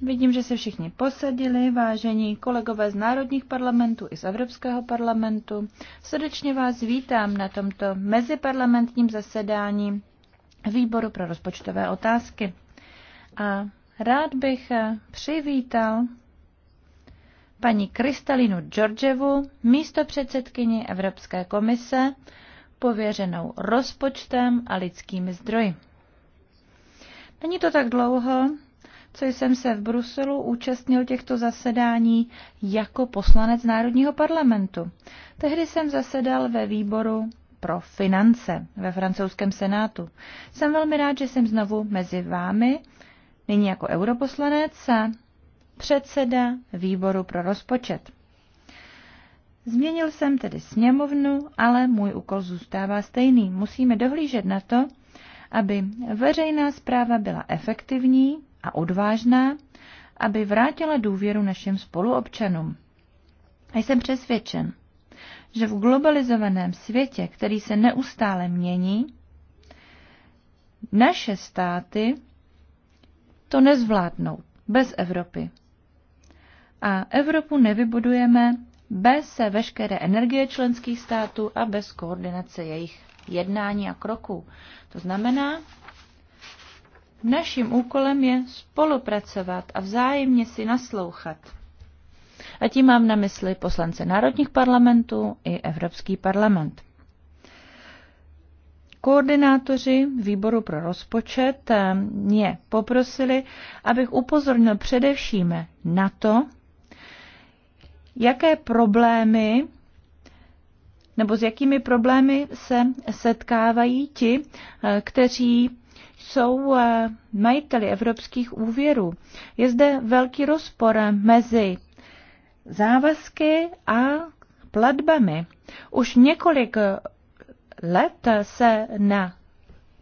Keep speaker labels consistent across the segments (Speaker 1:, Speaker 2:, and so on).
Speaker 1: Vidím, že se všichni posadili, vážení kolegové z národních parlamentů i z Evropského parlamentu. Srdečně vás vítám na tomto meziparlamentním zasedání Výboru pro rozpočtové otázky. A rád bych eh, přivítal paní Kristalinu Georgevu, místo předsedkyni Evropské komise, pověřenou rozpočtem a lidskými zdroji. Není to tak dlouho, co jsem se v Bruselu účastnil těchto zasedání jako poslanec Národního parlamentu. Tehdy jsem zasedal ve výboru pro finance ve francouzském senátu. Jsem velmi rád, že jsem znovu mezi vámi, nyní jako europoslanec a předseda výboru pro rozpočet. Změnil jsem tedy sněmovnu, ale můj úkol zůstává stejný. Musíme dohlížet na to, aby veřejná zpráva byla efektivní a odvážná, aby vrátila důvěru našim spoluobčanům. A jsem přesvědčen, že v globalizovaném světě, který se neustále mění, naše státy to nezvládnou bez Evropy. A Evropu nevybudujeme bez veškeré energie členských států a bez koordinace jejich jednání a kroků. To znamená, naším úkolem je spolupracovat a vzájemně si naslouchat. A tím mám na mysli poslance národních parlamentů i Evropský parlament. Koordinátoři výboru pro rozpočet eh, mě poprosili, abych upozornil především na to, jaké problémy nebo s jakými problémy se setkávají ti, eh, kteří jsou eh, majiteli evropských úvěrů. Je zde velký rozpor mezi závazky a platbami. Už několik let se na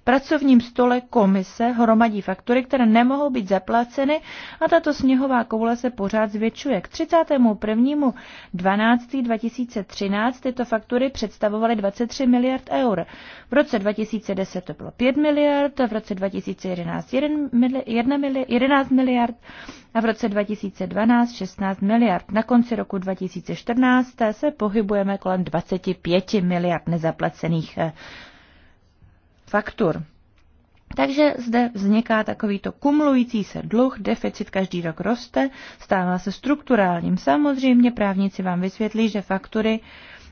Speaker 1: pracovním stole komise hromadí faktury, které nemohou být zaplaceny a tato sněhová koule se pořád zvětšuje. K 31.12.2013 12. 2013 tyto faktury představovaly 23 miliard eur. V roce 2010 to bylo 5 miliard, v roce 2011 11 miliard a v roce 2012 16 miliard. Na konci roku 2014 se pohybujeme kolem 25 miliard nezaplacených eh, faktur. Takže zde vzniká takovýto kumulující se dluh, deficit každý rok roste, stává se strukturálním. Samozřejmě právníci vám vysvětlí, že faktury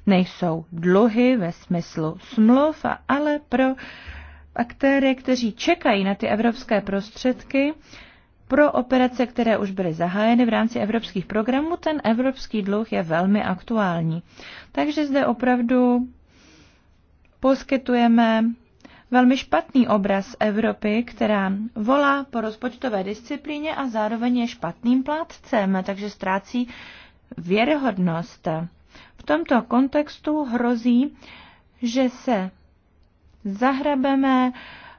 Speaker 1: nejsou dluhy ve smyslu smluv, ale pro aktéry, kteří čekají na ty evropské prostředky, pro operace, které už byly zahájeny v rámci evropských programů, ten evropský dluh je velmi aktuální. Takže zde opravdu poskytujeme velmi špatný obraz Evropy, která volá po rozpočtové disciplíně a zároveň je špatným plátcem, takže ztrácí věrohodnost. V tomto kontextu hrozí, že se zahrabeme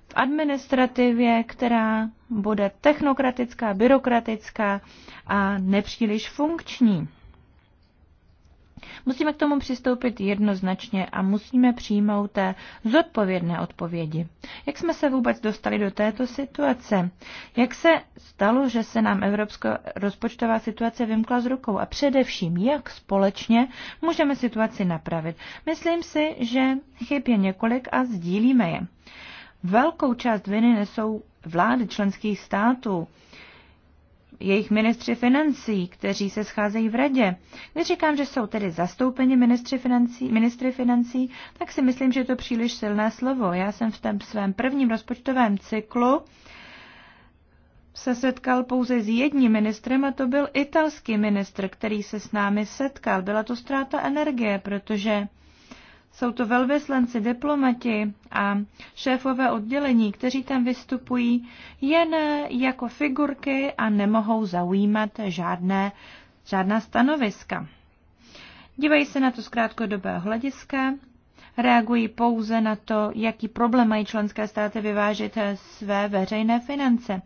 Speaker 1: v administrativě, která bude technokratická, byrokratická a nepříliš funkční. Musíme k tomu přistoupit jednoznačně a musíme přijmout té zodpovědné odpovědi. Jak jsme se vůbec dostali do této situace? Jak se stalo, že se nám evropská rozpočtová situace vymkla z rukou? A především, jak společně můžeme situaci napravit? Myslím si, že chyb je několik a sdílíme je. Velkou část viny nesou vlády členských států jejich ministři financí, kteří se scházejí v radě. Když říkám, že jsou tedy zastoupeni ministři financí, ministry financí, tak si myslím, že je to příliš silné slovo. Já jsem v tom svém prvním rozpočtovém cyklu se setkal pouze s jedním ministrem a to byl italský ministr, který se s námi setkal. Byla to ztráta energie, protože jsou to velvyslanci, diplomati a šéfové oddělení, kteří tam vystupují jen jako figurky a nemohou zaujímat žádné, žádná stanoviska. Dívají se na to z krátkodobého hlediska, reagují pouze na to, jaký problém mají členské státy vyvážit své veřejné finance.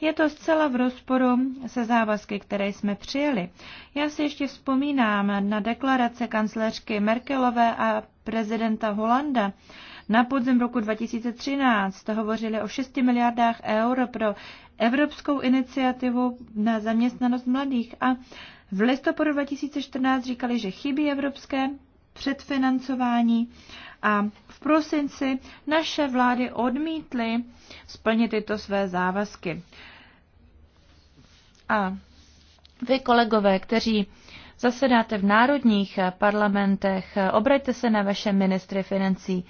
Speaker 1: Je to zcela v rozporu se závazky, které jsme přijeli. Já si ještě vzpomínám na deklarace kancléřky Merkelové a prezidenta Holanda. Na podzim roku 2013 hovořili o 6 miliardách eur pro Evropskou iniciativu na zaměstnanost mladých a v listopadu 2014 říkali, že chybí evropské předfinancování a v prosinci naše vlády odmítly splnit tyto své závazky. A vy, kolegové, kteří zasedáte v národních parlamentech, obraťte se na vaše ministry financí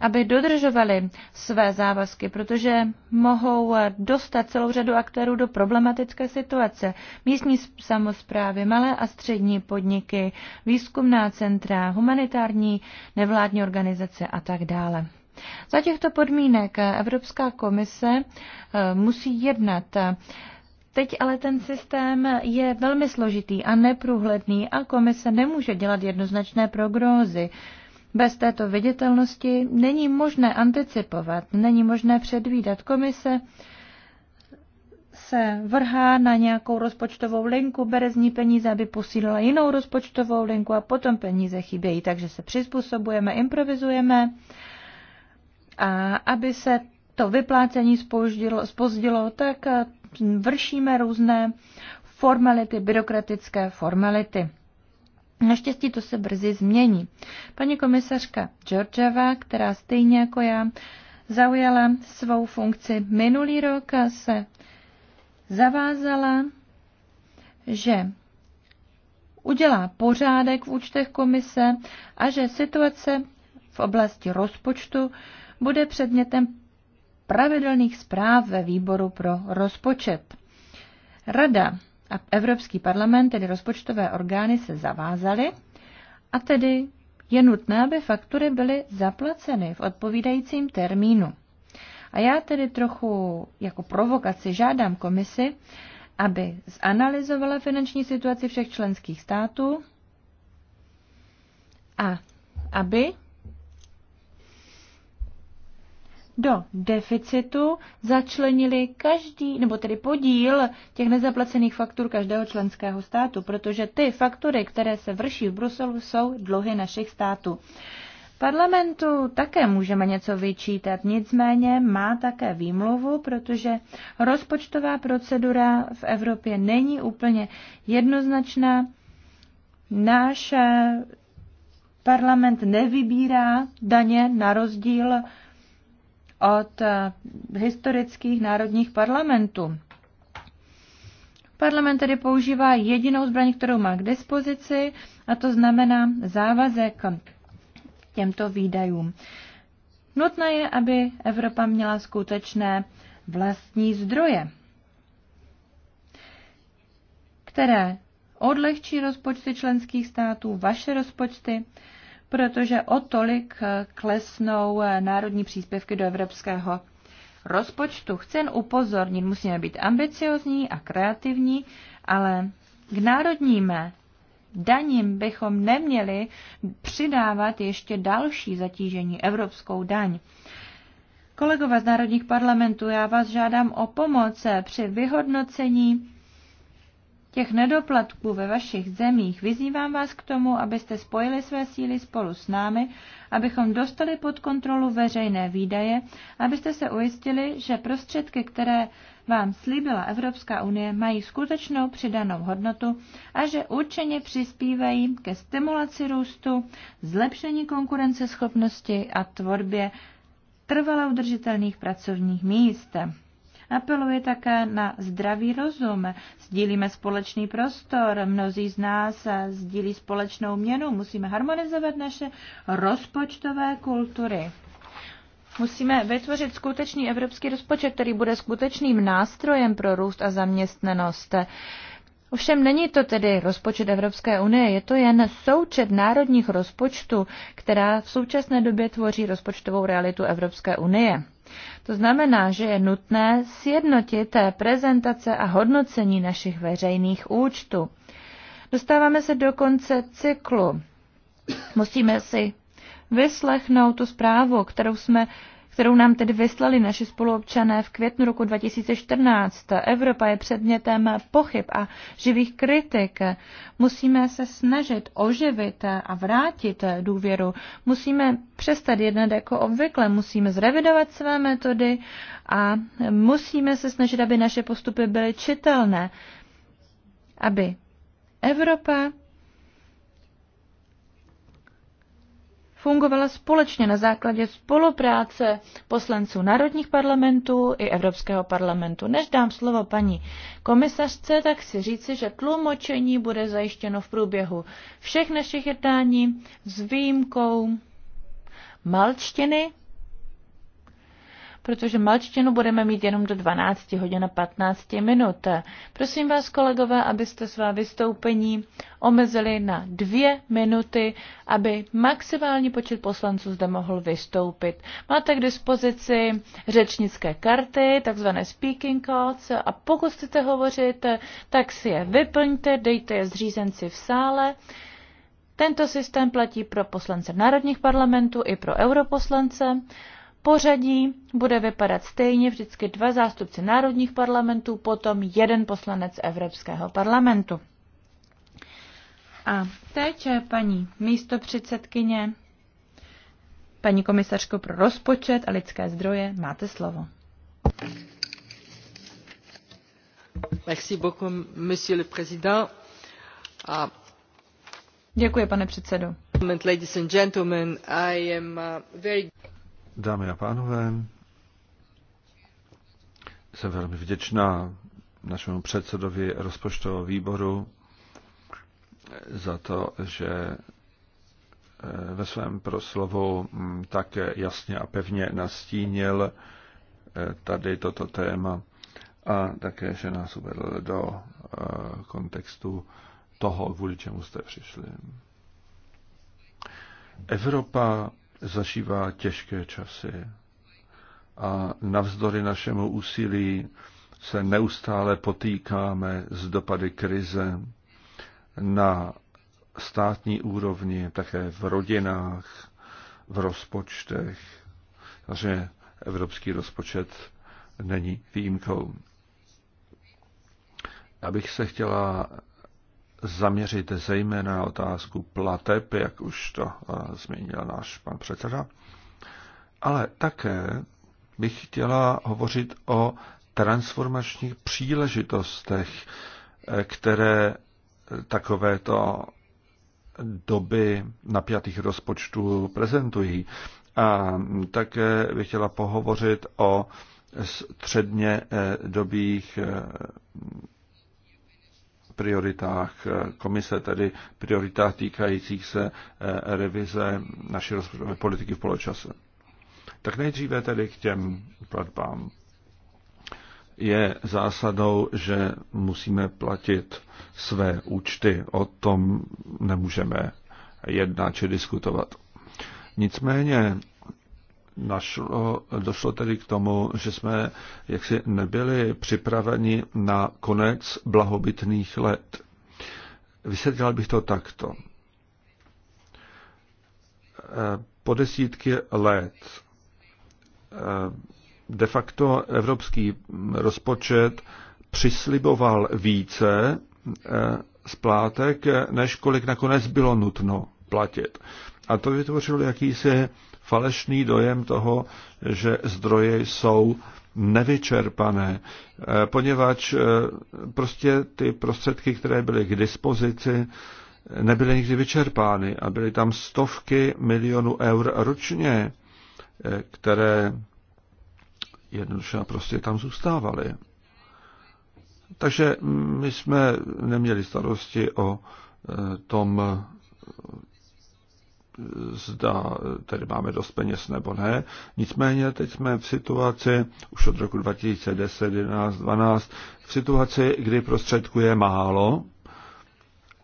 Speaker 1: aby dodržovali své závazky, protože mohou dostat celou řadu aktérů do problematické situace. Místní samozprávy, malé a střední podniky, výzkumná centra, humanitární nevládní organizace a tak dále. Za těchto podmínek Evropská komise eh, musí jednat. Teď ale ten systém je velmi složitý a neprůhledný a komise nemůže dělat jednoznačné prognózy. Bez této viditelnosti není možné anticipovat, není možné předvídat. Komise se vrhá na nějakou rozpočtovou linku, bere z ní peníze, aby posílila jinou rozpočtovou linku a potom peníze chybějí, takže se přizpůsobujeme, improvizujeme a aby se to vyplácení spozdilo, spozdilo tak vršíme různé formality, byrokratické formality. Naštěstí to se brzy změní. Paní komisařka Georgeva, která stejně jako já zaujala svou funkci minulý rok, se zavázala, že udělá pořádek v účtech komise a že situace v oblasti rozpočtu bude předmětem pravidelných zpráv ve výboru pro rozpočet. Rada a Evropský parlament, tedy rozpočtové orgány, se zavázaly a tedy je nutné, aby faktury byly zaplaceny v odpovídajícím termínu. A já tedy trochu jako provokaci žádám komisi, aby zanalizovala finanční situaci všech členských států a aby do deficitu začlenili každý, nebo tedy podíl těch nezaplacených faktur každého členského státu, protože ty faktury, které se vrší v Bruselu, jsou dluhy našich států. Parlamentu také můžeme něco vyčítat, nicméně má také výmluvu, protože rozpočtová procedura v Evropě není úplně jednoznačná. Náš eh, parlament nevybírá daně na rozdíl od eh, historických národních parlamentů. Parlament tedy používá jedinou zbraň, kterou má k dispozici, a to znamená závazek těmto výdajům. Nutné je, aby Evropa měla skutečné vlastní zdroje, které odlehčí rozpočty členských států, vaše rozpočty, protože o tolik eh, klesnou eh, národní příspěvky do evropského rozpočtu. Chci jen upozornit, musíme být ambiciozní a kreativní, ale k národním daním bychom neměli přidávat ještě další zatížení evropskou daň. Kolegové z národních parlamentů, já vás žádám o pomoc eh, při vyhodnocení těch nedoplatků ve vašich zemích, vyzývám vás k tomu, abyste spojili své síly spolu s námi, abychom dostali pod kontrolu veřejné výdaje, abyste se ujistili, že prostředky, které vám slíbila Evropská unie, mají skutečnou přidanou hodnotu a že určeně přispívají ke stimulaci růstu, zlepšení konkurenceschopnosti a tvorbě trvale udržitelných pracovních míst. Apeluje také na zdravý rozum. Sdílíme společný prostor, mnozí z nás sdílí společnou měnu, musíme harmonizovat naše rozpočtové kultury. Musíme vytvořit skutečný evropský rozpočet, který bude skutečným nástrojem pro růst a zaměstnanost. Ovšem není to tedy rozpočet Evropské unie, je to jen součet národních rozpočtů, která v současné době tvoří rozpočtovou realitu Evropské unie. To znamená, že je nutné sjednotit prezentace a hodnocení našich veřejných účtů. Dostáváme se do konce cyklu. Musíme si vyslechnout tu zprávu, kterou jsme kterou nám tedy vyslali naši spoluobčané v květnu roku 2014. Evropa je předmětem pochyb a živých kritik. Musíme se snažit oživit a vrátit důvěru. Musíme přestat jednat jako obvykle, musíme zrevidovat své metody a musíme se snažit, aby naše postupy byly čitelné, aby Evropa fungovala společně na základě spolupráce poslanců národních parlamentů i Evropského parlamentu. Než dám slovo paní komisařce, tak si říci, že tlumočení bude zajištěno v průběhu všech našich jednání s výjimkou malčtiny, protože malčtinu budeme mít jenom do 12 hodin a 15 minut. Prosím vás, kolegové, abyste svá vystoupení omezili na dvě minuty, aby maximální počet poslanců zde mohl vystoupit. Máte k dispozici řečnické karty, takzvané speaking cards a pokud chcete hovořit, tak si je vyplňte, dejte je zřízenci v sále. Tento systém platí pro poslance národních parlamentů i pro europoslance Pořadí bude vypadat stejně, vždycky dva zástupci národních parlamentů, potom jeden poslanec Evropského parlamentu. A teď eh, paní místo předsedkyně, paní komisařko pro rozpočet a lidské zdroje, máte slovo.
Speaker 2: Merci beaucoup, monsieur le président. A... Ah, Děkuji, pane předsedo. Ladies and gentlemen, I am uh, very...
Speaker 3: Dámy a pánové, jsem velmi vděčná našemu předsedovi rozpočtového výboru za to, že eh, ve svém proslovu mm, tak jasně a pevně nastínil eh, tady toto téma a také, že nás uvedl do eh, kontextu toho, kvůli čemu jste přišli. Evropa zažívá těžké časy a navzdory našemu úsilí se neustále potýkáme s dopady krize na státní úrovni, také v rodinách, v rozpočtech. Takže evropský rozpočet není výjimkou. Abych se chtěla zaměřit zejména na otázku plateb, jak už to eh, zmínil náš pan předseda, ale také bych chtěla hovořit o transformačních příležitostech, eh, které eh, takovéto doby napjatých rozpočtů prezentují. A také bych chtěla pohovořit o středně dobých prioritách komise, tedy prioritách týkajících se eh, revize naší rozpočtové politiky v poločase. Tak nejdříve tedy k těm platbám. Je zásadou, že musíme platit své účty. O tom nemůžeme jednat či diskutovat. Nicméně našlo, došlo tedy k tomu, že jsme jaksi nebyli připraveni na konec blahobytných let. Vysvětlil bych to takto. Eh, po desítky let eh, de facto evropský rozpočet přisliboval více eh, splátek, než kolik nakonec bylo nutno platit. A to vytvořilo jakýsi falešný dojem toho, že zdroje jsou nevyčerpané, eh, poněvadž eh, prostě ty prostředky, které byly k dispozici, nebyly nikdy vyčerpány a byly tam stovky milionů eur ročně, eh, které jednoduše prostě tam zůstávaly. Takže mm, my jsme neměli starosti o tom zda tedy máme dost peněz nebo ne. Nicméně teď jsme v situaci, už od roku 2010, 11, 12, v situaci, kdy prostředků je málo,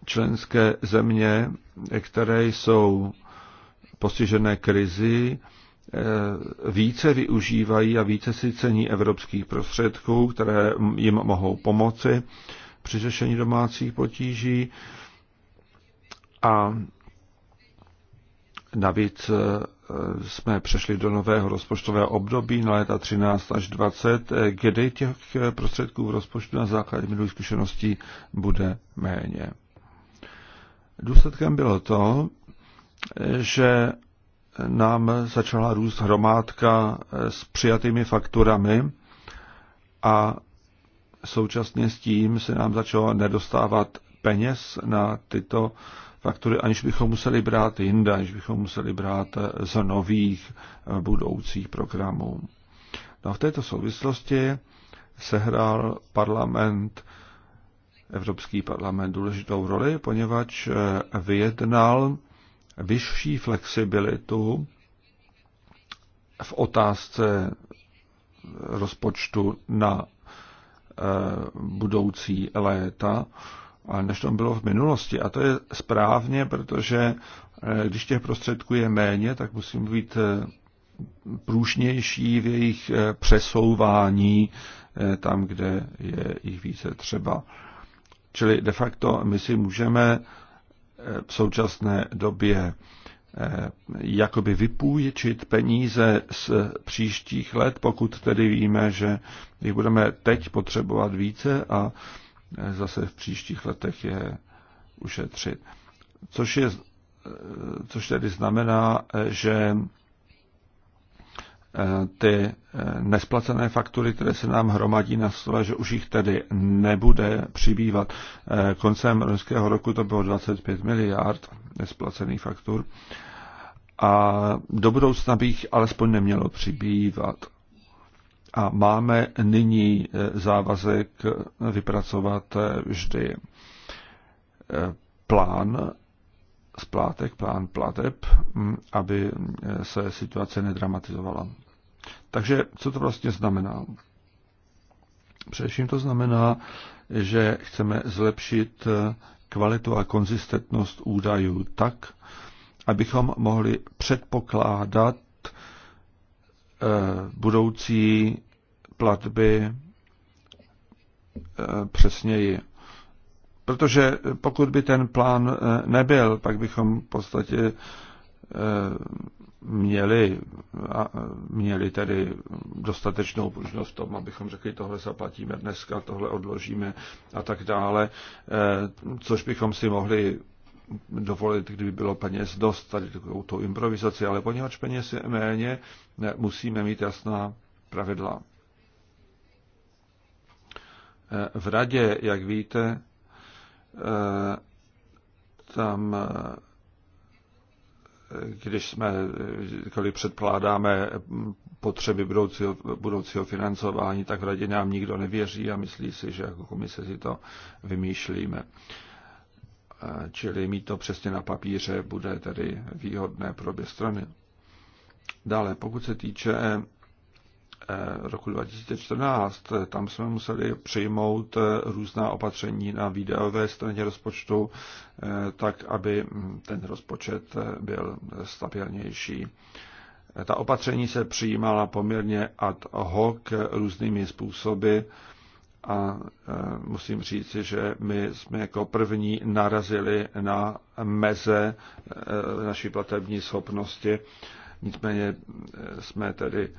Speaker 3: členské země, které jsou postižené krizi, eh, více využívají a více si cení evropských prostředků, které jim mohou pomoci při řešení domácích potíží. A Navíc e, jsme přešli do nového rozpočtového období na léta 13 až 20, e, kdy těch e, prostředků v rozpočtu na základě minulých zkušeností bude méně. Důsledkem bylo to, že nám začala růst hromádka s přijatými fakturami a současně s tím se nám začalo nedostávat peněz na tyto faktory, aniž bychom museli brát jinde, aniž bychom museli brát eh, z nových eh, budoucích programů. No a v této souvislosti sehrál parlament, Evropský parlament důležitou roli, poněvadž eh, vyjednal vyšší flexibilitu v otázce rozpočtu na budoucí léta než to bylo v minulosti. A to je správně, protože eh, když těch prostředků je méně, tak musím být eh, průžnější v jejich eh, přesouvání tam, kde je jich více třeba. Čili de facto my si můžeme v současné době jakoby vypůjčit peníze z příštích let, pokud tedy víme, že jich budeme teď potřebovat více a zase v příštích letech je ušetřit. Což, je, což tedy znamená, že ty nesplacené faktury, které se nám hromadí na stole, že už jich tedy nebude přibývat. Koncem loňského roku to bylo 25 miliard nesplacených faktur a do budoucna bych alespoň nemělo přibývat a máme nyní eh, závazek vypracovat eh, vždy eh, plán splátek, plán plateb, hm, aby se situace nedramatizovala. Takže co to vlastně znamená? Především to znamená, že chceme zlepšit kvalitu a konzistentnost údajů tak, abychom mohli předpokládat Eh, budoucí platby eh, přesněji. Protože pokud by ten plán eh, nebyl, pak bychom v podstatě měli, měli tedy dostatečnou možnost v tom, abychom řekli, tohle zaplatíme dneska, tohle odložíme a tak dále, což bychom si mohli dovolit, kdyby bylo peněz dost, tady takovou tou improvizaci, ale poněvadž peněz je méně, musíme mít jasná pravidla. Eh, v radě, jak víte, eh, tam eh, když jsme, když předpládáme potřeby budoucího, budoucího financování, tak v radě nám nikdo nevěří a myslí si, že jako komise si to vymýšlíme čili mít to přesně na papíře bude tedy výhodné pro obě strany. Dále, pokud se týče eh, roku 2014, tam jsme museli přijmout eh, různá opatření na videové straně rozpočtu, eh, tak aby hm, ten rozpočet byl stabilnější. Ta opatření se přijímala poměrně ad hoc různými způsoby a e, musím říci, že my jsme jako první narazili na meze e, naší platební schopnosti. Nicméně e, jsme tedy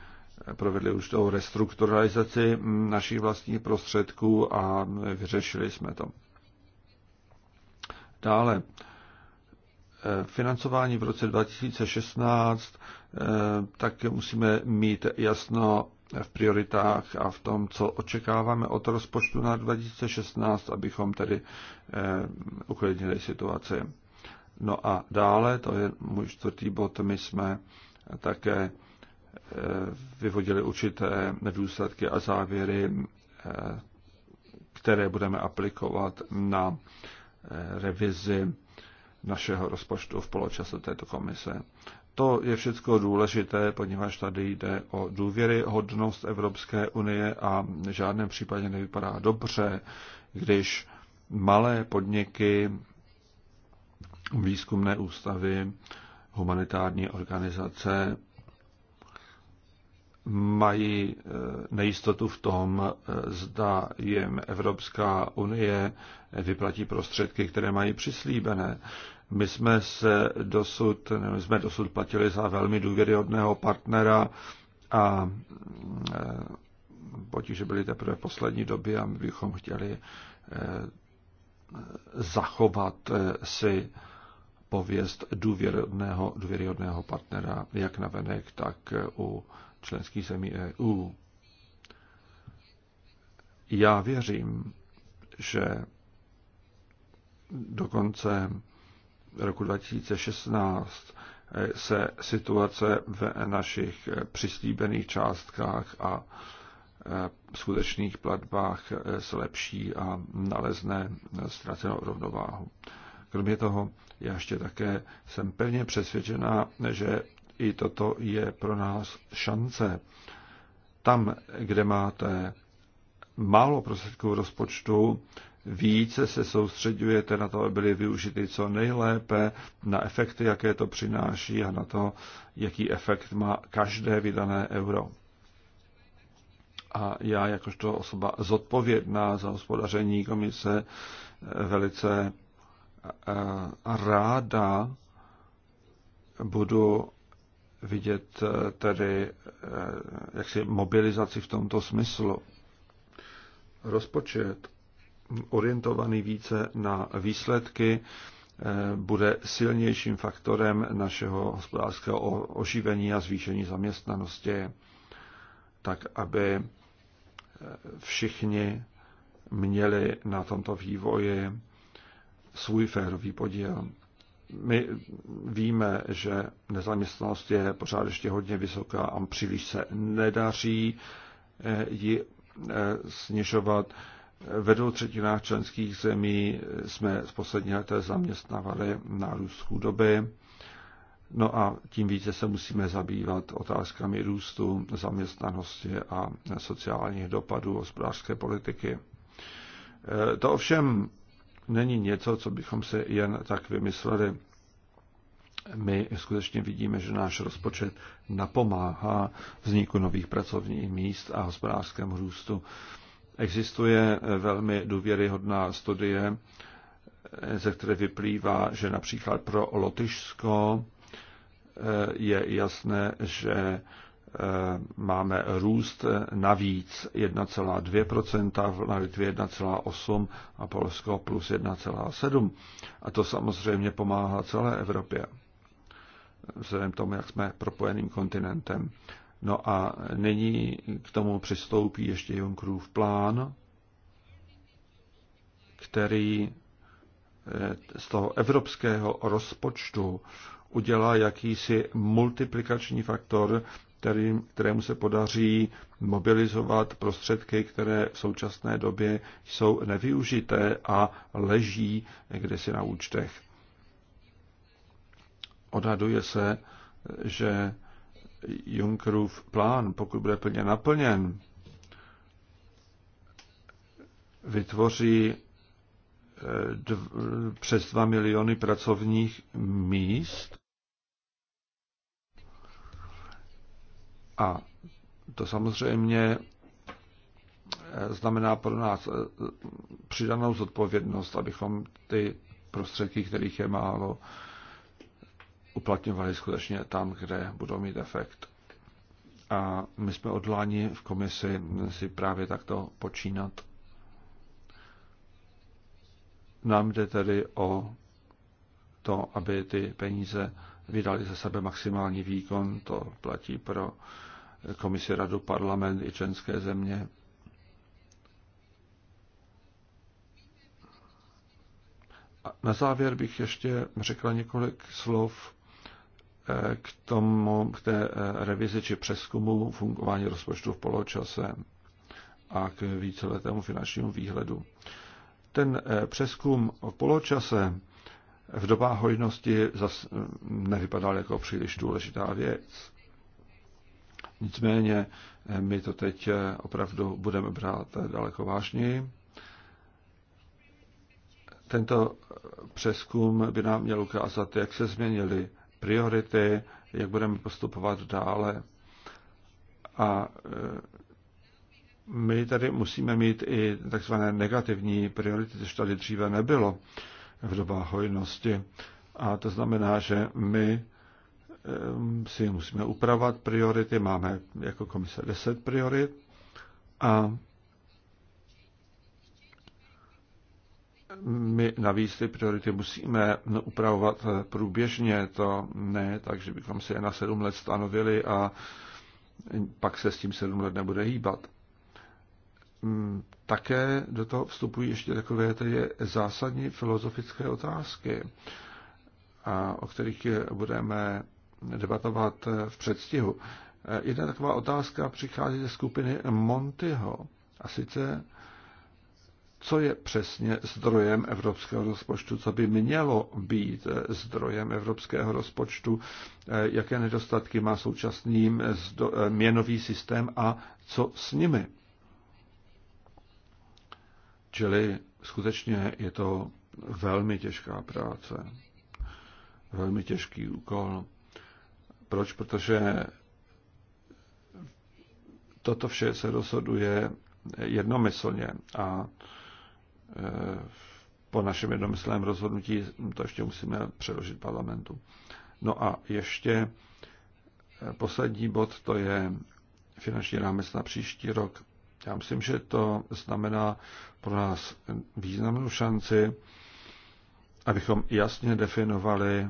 Speaker 3: provedli už tou restrukturalizaci našich vlastních prostředků a vyřešili jsme to. Dále, financování v roce 2016, tak musíme mít jasno v prioritách a v tom, co očekáváme od rozpočtu na 2016, abychom tedy eh, uklidnili situaci. No a dále, to je můj čtvrtý bod, my jsme také eh, vyvodili určité nedůsledky a závěry, eh, které budeme aplikovat na revizi našeho rozpočtu v poločase této komise. To je všechno důležité, poněvadž tady jde o důvěryhodnost Evropské unie a v žádném případě nevypadá dobře, když malé podniky, výzkumné ústavy, humanitární organizace mají eh, nejistotu v tom, eh, zda jim Evropská unie vyplatí prostředky, které mají přislíbené. My jsme se dosud, my jsme dosud platili za velmi důvěryhodného partnera a e, potíže byly teprve v poslední době a my bychom chtěli e, zachovat e, si pověst důvěryhodného, důvěryhodného partnera, jak na venek, tak u členských zemí EU. Já věřím, že dokonce roku 2016 eh, se situace v našich eh, přislíbených částkách a eh, skutečných platbách zlepší a nalezne ztracenou rovnováhu. Kromě toho, já ještě také jsem pevně přesvědčená, že i toto je pro nás šance. Tam, kde máte málo prostředků rozpočtu více se soustředujete na to, aby byly využity co nejlépe, na efekty, jaké to přináší a na to, jaký efekt má každé vydané euro. A já jakožto osoba zodpovědná za hospodaření komise eh, velice eh, ráda budu vidět eh, tedy jaksi mobilizaci v tomto smyslu rozpočet orientovaný více na výsledky eh, bude silnějším faktorem našeho hospodářského oživení a zvýšení zaměstnanosti, tak aby eh, všichni měli na tomto vývoji svůj férový podíl. My víme, že nezaměstnanost je pořád ještě hodně vysoká a příliš se nedaří eh, ji Eh, snižovat. Ve dvou třetinách členských zemí jsme z poslední leté zaměstnavali nárůst chudoby. No a tím více se musíme zabývat otázkami růstu, zaměstnanosti a sociálních dopadů hospodářské politiky. Eh, to ovšem není něco, co bychom si jen tak vymysleli my skutečně vidíme, že náš rozpočet napomáhá vzniku nových pracovních míst a hospodářskému růstu. Existuje velmi důvěryhodná studie, ze které vyplývá, že například pro Lotyšsko eh, je jasné, že eh, máme růst navíc 1,2%, v Litvě 1,8% a Polsko plus 1,7%. A to samozřejmě pomáhá celé Evropě vzhledem tomu, jak jsme propojeným kontinentem. No a nyní k tomu přistoupí ještě Junckerův plán, který eh, z toho evropského rozpočtu udělá jakýsi multiplikační faktor, který, kterému se podaří mobilizovat prostředky, které v současné době jsou nevyužité a leží někde si na účtech. Odhaduje se, že Junckerův plán, pokud bude plně naplněn, vytvoří eh, dv, přes 2 miliony pracovních míst. A to samozřejmě eh, znamená pro nás eh, přidanou zodpovědnost, abychom ty prostředky, kterých je málo, uplatňovali skutečně tam, kde budou mít efekt. A my jsme odláni v komisi si právě takto počínat. Nám jde tedy o to, aby ty peníze vydali ze sebe maximální výkon. To platí pro komisi, radu, parlament i členské země. A na závěr bych ještě řekla několik slov k tomu, k té eh, revizi či přeskumu fungování rozpočtu v poločase a k víceletému finančnímu výhledu. Ten eh, přeskum v poločase v dobách hojnosti zas mm, nevypadal jako příliš důležitá věc. Nicméně eh, my to teď opravdu budeme brát daleko vážněji. Tento přeskum by nám měl ukázat, jak se změnily priority, jak budeme postupovat dále. A e, my tady musíme mít i takzvané negativní priority, což tady dříve nebylo v dobách hojnosti. A to znamená, že my e, si musíme upravovat priority. Máme jako komise 10 priorit a my navíc ty priority musíme upravovat průběžně, to ne, takže bychom si je na sedm let stanovili a pak se s tím sedm let nebude hýbat. Mm, také do toho vstupují ještě takové tedy zásadní filozofické otázky, a o kterých budeme debatovat v předstihu. Jedna taková otázka přichází ze skupiny Montyho, a sice co je přesně zdrojem evropského rozpočtu, co by mělo být zdrojem evropského rozpočtu, eh, jaké nedostatky má současný eh, měnový systém a co s nimi. Čili skutečně je to velmi těžká práce, velmi těžký úkol. Proč? Protože toto vše se rozhoduje jednomyslně a Eh, po našem jednomyslném rozhodnutí to ještě musíme přeložit parlamentu. No a ještě eh, poslední bod, to je finanční rámec na příští rok. Já myslím, že to znamená pro nás významnou šanci, abychom jasně definovali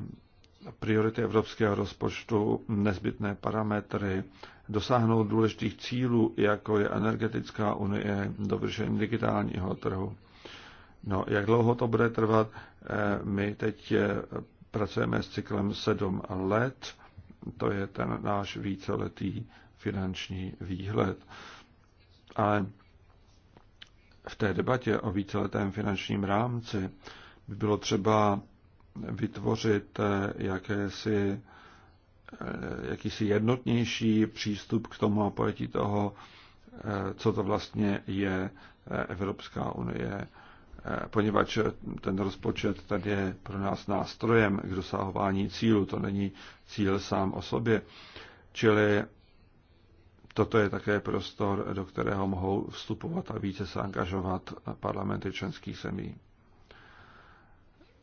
Speaker 3: priority evropského rozpočtu, nezbytné parametry, dosáhnout důležitých cílů, jako je energetická unie, dovršení digitálního trhu. No, jak dlouho to bude trvat? Eh, my teď eh, pracujeme s cyklem 7 let, to je ten náš víceletý finanční výhled. Ale v té debatě o víceletém finančním rámci by bylo třeba vytvořit eh, jakési, jakýsi jednotnější přístup k tomu a pojetí toho, co to vlastně je Evropská unie poněvadž ten rozpočet tady je pro nás nástrojem k dosahování cílu, to není cíl sám o sobě. Čili toto je také prostor, do kterého mohou vstupovat a více se angažovat parlamenty členských zemí.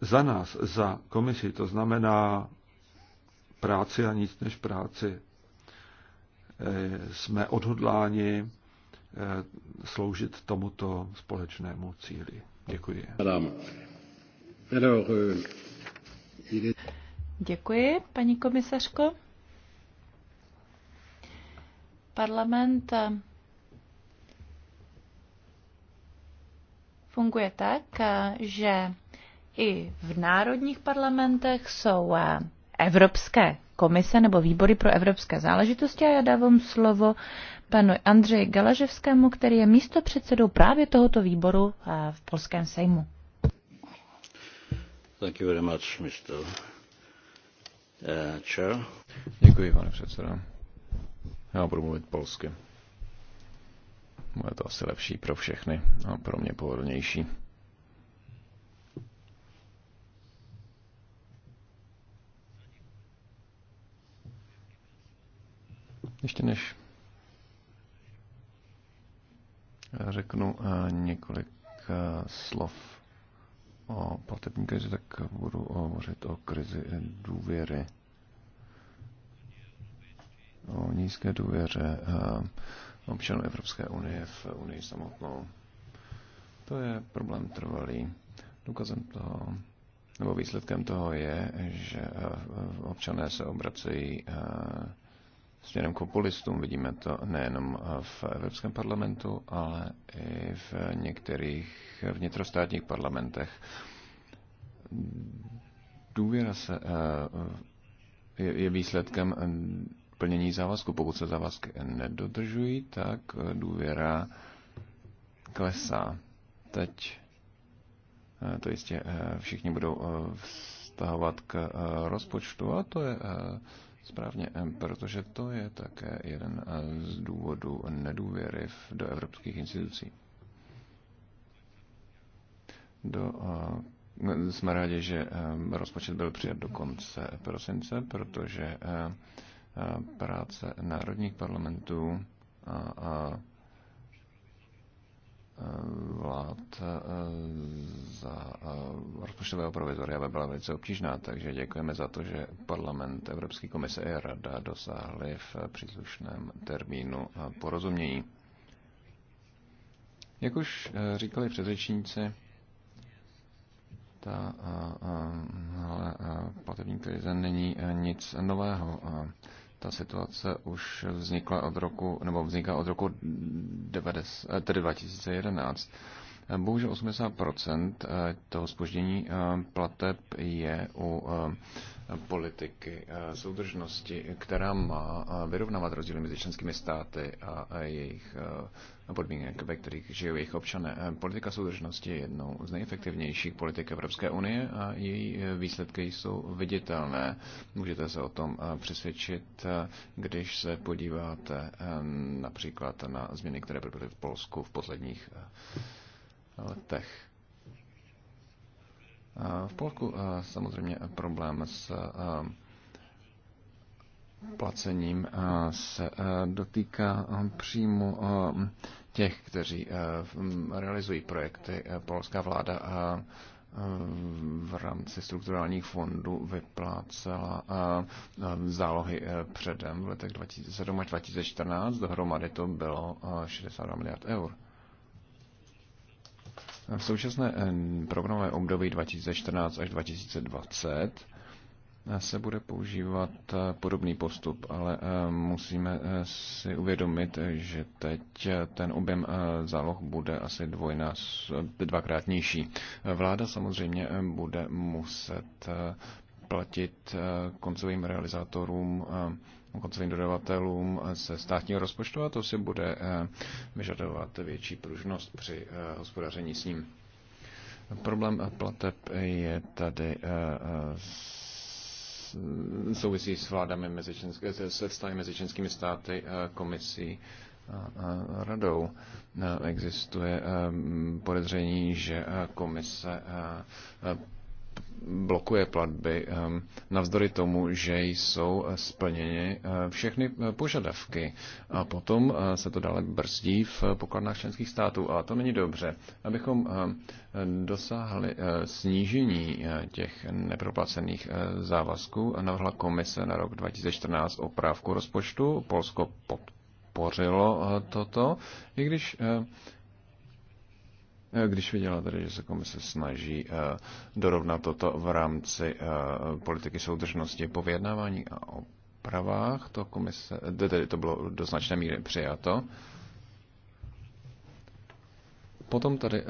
Speaker 3: Za nás, za komisi, to znamená práci a nic než práci. Eh, jsme odhodláni eh, sloužit tomuto společnému cíli. Děkuji. Euh,
Speaker 1: Děkuji, paní komisařko. Parlament eh, funguje tak, eh, že i v národních parlamentech jsou eh, evropské komise nebo výbory pro evropské záležitosti a já dávám slovo panu Andřeji Galaževskému, který je místopředsedou právě tohoto výboru eh, v Polském sejmu.
Speaker 4: Thank you very much, Mr. Eh, chair. Děkuji, pane předsedo. Já budu mluvit polsky. Bude to asi lepší pro všechny a pro mě pohodlnější. Ještě než řeknu eh, několik eh, slov o platební krizi, tak budu hovořit o krizi důvěry. O nízké důvěře eh, občanů Evropské unie v unii samotnou. To je problém trvalý. Důkazem toho, nebo výsledkem toho je, že občané se obracejí směrem populistům. Vidíme to nejenom v Evropském parlamentu, ale i v některých vnitrostátních parlamentech. Důvěra se, eh, je výsledkem plnění závazku. Pokud se závazky nedodržují, tak důvěra klesá. Teď eh, to jistě eh, všichni budou vztahovat k rozpočtu a to je Správně, protože to je také jeden eh, z důvodů nedůvěry do evropských institucí. Do, uh, jsme rádi, že um, rozpočet byl přijat do konce prosince, protože uh, práce národních parlamentů a, a vlád eh, za eh, rozpočtového provizoria by byla velice obtížná, takže děkujeme za to, že parlament, Evropský komise a rada dosáhly v příslušném termínu eh, porozumění. Jak už říkali předřečníci, ta platební krize není nic nového. A, ta situace už vznikla od roku, nebo vzniká od roku 90, eh, tedy 2011. Eh, bohužel 80% eh, toho spoždění plateb je u politiky eh, soudržnosti, která má eh, vyrovnávat rozdíly mezi členskými státy a jejich eh, podmínek, ve kterých žijou jejich občané. Politika soudržnosti je jednou z nejefektivnějších politik Evropské unie a její výsledky jsou viditelné. Můžete se o tom přesvědčit, když se podíváte například na změny, které byly v Polsku v posledních letech. Eh, v Polsku eh, samozřejmě problém s eh, placením se dotýká příjmu těch, kteří realizují projekty. Polská vláda v rámci strukturálních fondů vyplácela zálohy předem v letech 2007 až 2014. Dohromady to bylo 62 miliard eur. V současné eh, programové období 2014 až 2020 eh, se bude používat eh, podobný postup, ale musíme si uvědomit, že teď ten objem záloh bude asi dvojnás, dvakrát nižší. Vláda samozřejmě bude muset platit koncovým realizátorům koncovým dodavatelům ze státního rozpočtu a to si bude eh, vyžadovat větší pružnost při eh, hospodaření s ním. Problém plateb je tady eh, souvisí s vládami mezi se vztahy mezi členskými státy, komisí a radou. Existuje podezření, že komise blokuje platby ehm, navzdory tomu, že jsou eh, splněny eh, všechny eh, požadavky a potom se to dále brzdí v pokladnách členských států a to není dobře. Abychom ehm, dosáhli snížení těch neproplacených závazků, navrhla komise na rok 2014 oprávku rozpočtu, Polsko podpořilo toto, i když když viděla tady, že se komise snaží eh, dorovnat toto v rámci eh, politiky soudržnosti po vyjednávání a opravách, to komise, eh, tedy to bylo do značné míry přijato. Potom tady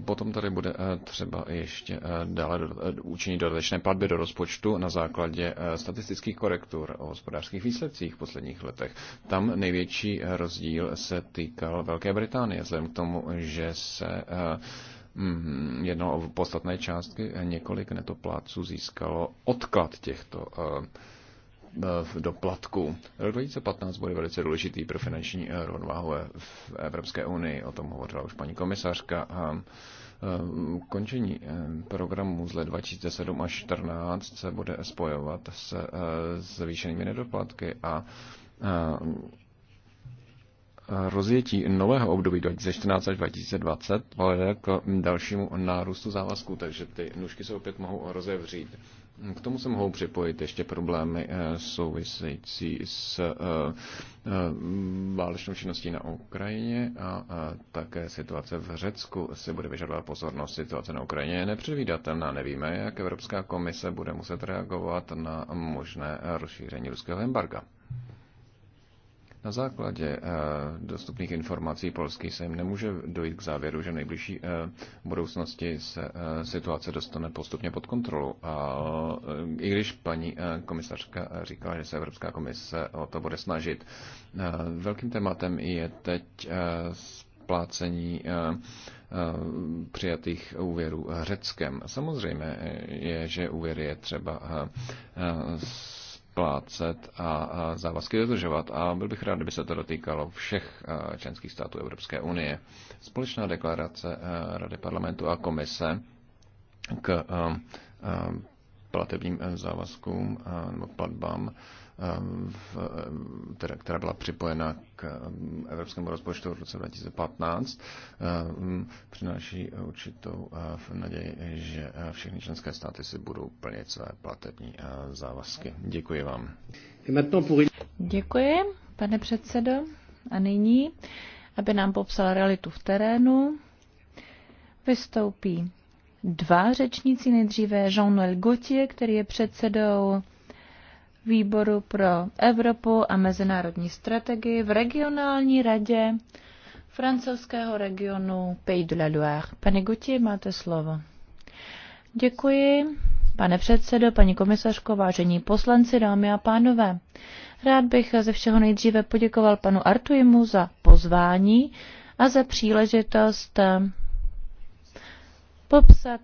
Speaker 4: Potom tady bude eh, třeba ještě eh, dále eh, učinit dodatečné platby do rozpočtu na základě statistických korektur o hospodářských výsledcích v posledních letech. Tam největší rozdíl se týkal Velké Británie, vzhledem k tomu, že se mm, jedno o podstatné částky několik netopláců získalo odklad těchto Eh, doplatku. Rok 2015 bude velice důležitý pro finanční eh, rovnováhu v Evropské unii, o tom hovořila už paní komisařka. Eh, Končení programu z let 2007 až 2014 se bude spojovat s zvýšenými nedoplatky a rozjetí nového období 2014 až 2020 ale k dalšímu nárůstu závazků, takže ty nůžky se opět mohou rozevřít. K tomu se mohou připojit ještě problémy eh, související s eh, eh, válečnou činností na Ukrajině a také situace v Řecku si bude vyžadovat pozornost. Situace na Ukrajině je nepředvídatelná. Nevíme, jak Evropská komise bude muset reagovat na možné rozšíření ruského embarga. Na základě eh, dostupných informací Polsky se jim nemůže dojít k závěru, že v nejbližší eh, budoucnosti se eh, situace dostane postupně pod kontrolu. A I když paní komisařka říkala, že se Evropská komise o to bude snažit. Velkým tématem je teď splácení přijatých úvěrů Řeckem. Samozřejmě je, že úvěry je třeba splácet a závazky dodržovat. A byl bych rád, kdyby se to dotýkalo všech členských států Evropské unie. Společná deklarace Rady parlamentu a komise k platebním e, závazkům nebo platbám Ehm, ehm, teda, která byla připojena k ehm, evropskému rozpočtu v roce 2015, přináší určitou naději, že všechny členské státy si budou plnit své platební závazky. Děkuji vám.
Speaker 1: Děkuji, pane předsedo. A nyní, aby nám popsal realitu v terénu, vystoupí dva řečníci, nejdříve Jean-Noël Gauthier, který je předsedou výboru pro Evropu a mezinárodní strategii v regionální radě francouzského regionu Pays de la Loire. Pane Guti, máte slovo. Děkuji, pane předsedo, paní komisařko, vážení poslanci, dámy a pánové. Rád bych ze všeho nejdříve poděkoval panu Artuimu za pozvání a za příležitost popsat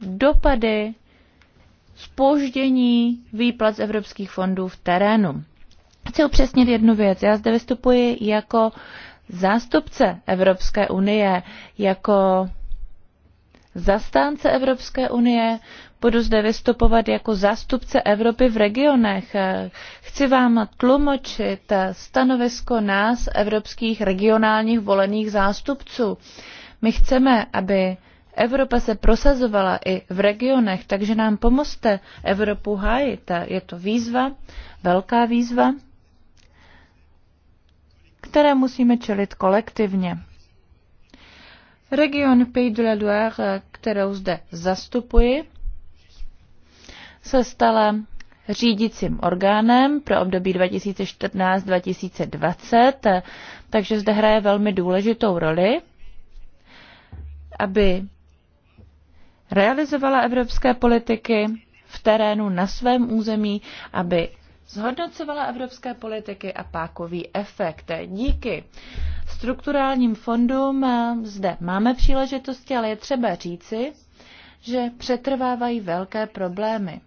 Speaker 1: dopady spoždění výplat z evropských fondů v terénu. Chci upřesnit jednu věc. Já zde vystupuji jako zástupce Evropské unie, jako zastánce Evropské unie, budu zde vystupovat jako zástupce Evropy v regionech. Chci vám tlumočit stanovisko nás, evropských regionálních volených zástupců. My chceme, aby Evropa se prosazovala i v regionech, takže nám pomozte Evropu hájit. Je to výzva, velká výzva, které musíme čelit kolektivně. Region Pays de la Loire, kterou zde zastupuji, se stala řídícím orgánem pro období 2014-2020, takže zde hraje velmi důležitou roli, aby realizovala evropské politiky v terénu na svém území, aby zhodnocovala evropské politiky a pákový efekt. Díky strukturálním fondům eh, zde máme příležitosti, ale je třeba říci, že přetrvávají velké problémy.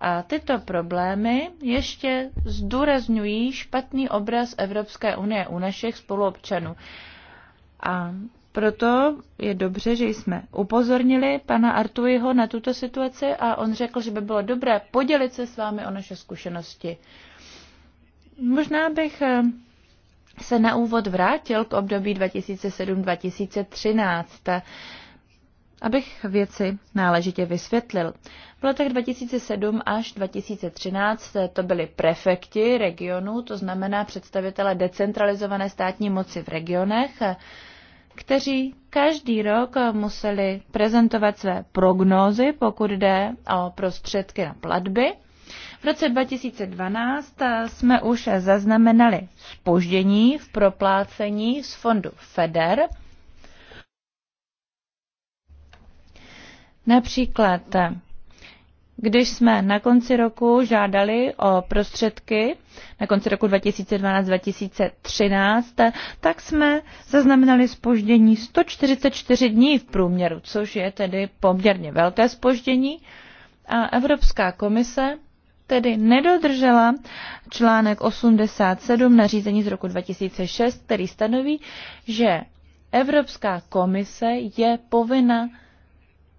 Speaker 1: A tyto problémy ještě zdůrazňují špatný obraz Evropské unie u našich spoluobčanů. A proto je dobře, že jsme upozornili pana Artuiho na tuto situaci a on řekl, že by bylo dobré podělit se s vámi o naše zkušenosti. Možná bych eh, se na úvod vrátil k období 2007-2013, eh, abych věci náležitě vysvětlil. V letech 2007 až 2013 eh, to byli prefekti regionů, to znamená představitele decentralizované státní moci v regionech, kteří každý rok museli prezentovat své prognózy, pokud jde o prostředky na platby. V roce 2012 eh, jsme už zaznamenali spoždění v proplácení z fondu FEDER. Například eh, když jsme na konci roku žádali o prostředky, na konci roku 2012-2013, tak jsme zaznamenali spoždění 144 dní v průměru, což je tedy poměrně velké spoždění. A Evropská komise tedy nedodržela článek 87 nařízení z roku 2006, který stanoví, že Evropská komise je povinna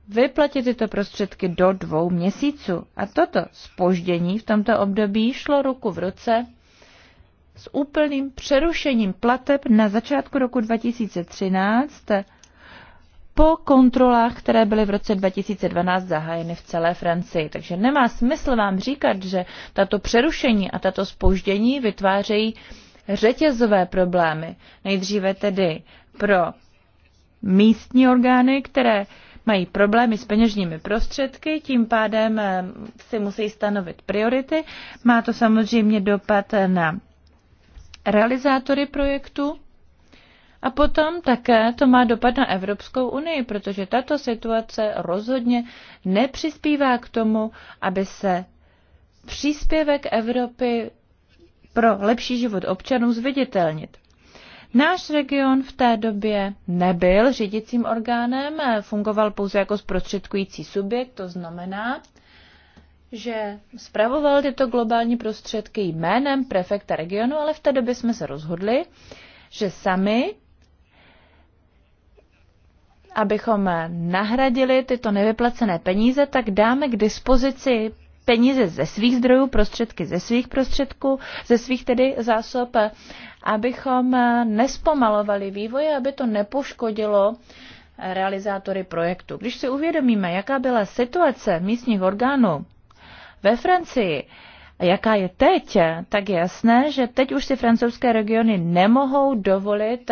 Speaker 1: vyplatit tyto prostředky do dvou měsíců. A toto spoždění v tomto období šlo ruku v ruce s úplným přerušením plateb na začátku roku 2013 po kontrolách, které byly v roce 2012 zahájeny v celé Francii. Takže nemá smysl vám říkat, že tato přerušení a tato spoždění vytvářejí řetězové problémy. Nejdříve tedy pro místní orgány, které mají problémy s peněžními prostředky, tím pádem eh, si musí stanovit priority. Má to samozřejmě dopad na realizátory projektu. A potom také to má dopad na Evropskou unii, protože tato situace rozhodně nepřispívá k tomu, aby se příspěvek Evropy pro lepší život občanů zviditelnit. Náš region v té době nebyl řídicím orgánem, fungoval pouze jako zprostředkující subjekt, to znamená, že spravoval tyto globální prostředky jménem prefekta regionu, ale v té době jsme se rozhodli, že sami, abychom nahradili tyto nevyplacené peníze, tak dáme k dispozici peníze ze svých zdrojů, prostředky ze svých prostředků, ze svých tedy zásob, abychom nespomalovali vývoj, aby to nepoškodilo realizátory projektu. Když si uvědomíme, jaká byla situace místních orgánů ve Francii, jaká je teď, tak je jasné, že teď už si francouzské regiony nemohou dovolit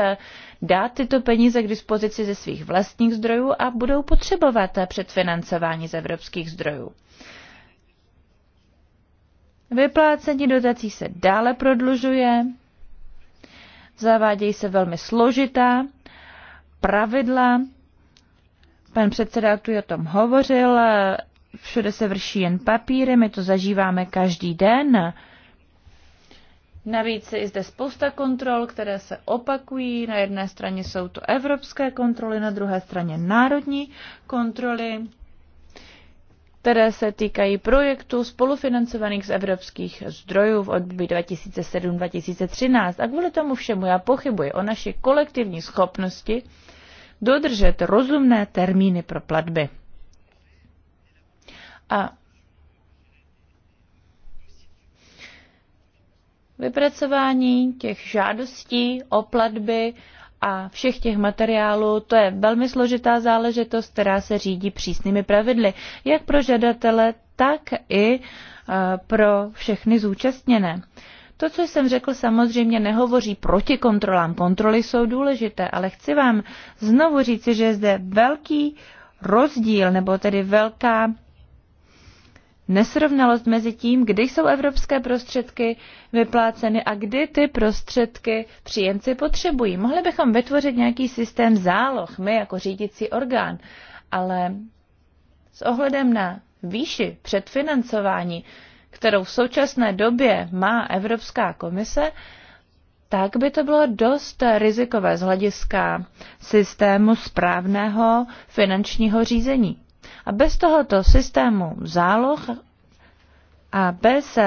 Speaker 1: dát tyto peníze k dispozici ze svých vlastních zdrojů a budou potřebovat předfinancování z evropských zdrojů. Vyplácení dotací se dále prodlužuje, zavádějí se velmi složitá pravidla. Pan předseda tu o tom hovořil, všude se vrší jen papíry, my to zažíváme každý den. Navíc je zde spousta kontrol, které se opakují. Na jedné straně jsou to evropské kontroly, na druhé straně národní kontroly které se týkají projektů spolufinancovaných z evropských zdrojů v období 2007-2013. A kvůli tomu všemu já pochybuji o naší kolektivní schopnosti dodržet rozumné termíny pro platby. A vypracování těch žádostí o platby a všech těch materiálů, to je velmi složitá záležitost, která se řídí přísnými pravidly, jak pro žadatele, tak i e, pro všechny zúčastněné. To, co jsem řekl, samozřejmě nehovoří proti kontrolám. Kontroly jsou důležité, ale chci vám znovu říci, že je zde velký rozdíl, nebo tedy velká nesrovnalost mezi tím, kdy jsou evropské prostředky vypláceny a kdy ty prostředky příjemci potřebují. Mohli bychom vytvořit nějaký systém záloh, my jako řídící orgán, ale s ohledem na výši předfinancování, kterou v současné době má Evropská komise, tak by to bylo dost rizikové z hlediska systému správného finančního řízení. A bez tohoto systému záloh a bez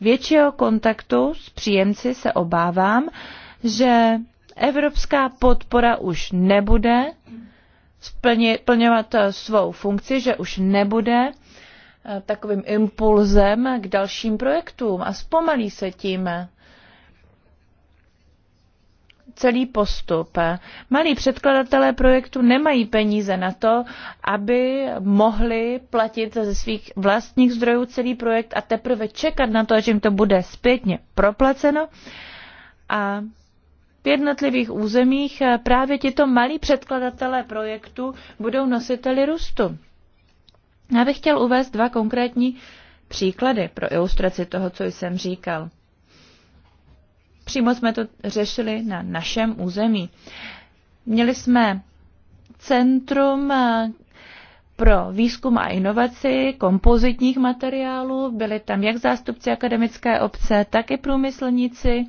Speaker 1: většího kontaktu s příjemci se obávám, že evropská podpora už nebude splňovat svou funkci, že už nebude eh, takovým impulzem k dalším projektům a zpomalí se tím celý postup. Malí předkladatelé projektu nemají peníze na to, aby mohli platit ze svých vlastních zdrojů celý projekt a teprve čekat na to, až jim to bude zpětně proplaceno. A v jednotlivých územích právě tito malí předkladatelé projektu budou nositeli růstu. Já bych chtěl uvést dva konkrétní příklady pro ilustraci toho, co jsem říkal. Přímo jsme to řešili na našem území. Měli jsme centrum eh, pro výzkum a inovaci kompozitních materiálů. Byli tam jak zástupci akademické obce, tak i průmyslníci,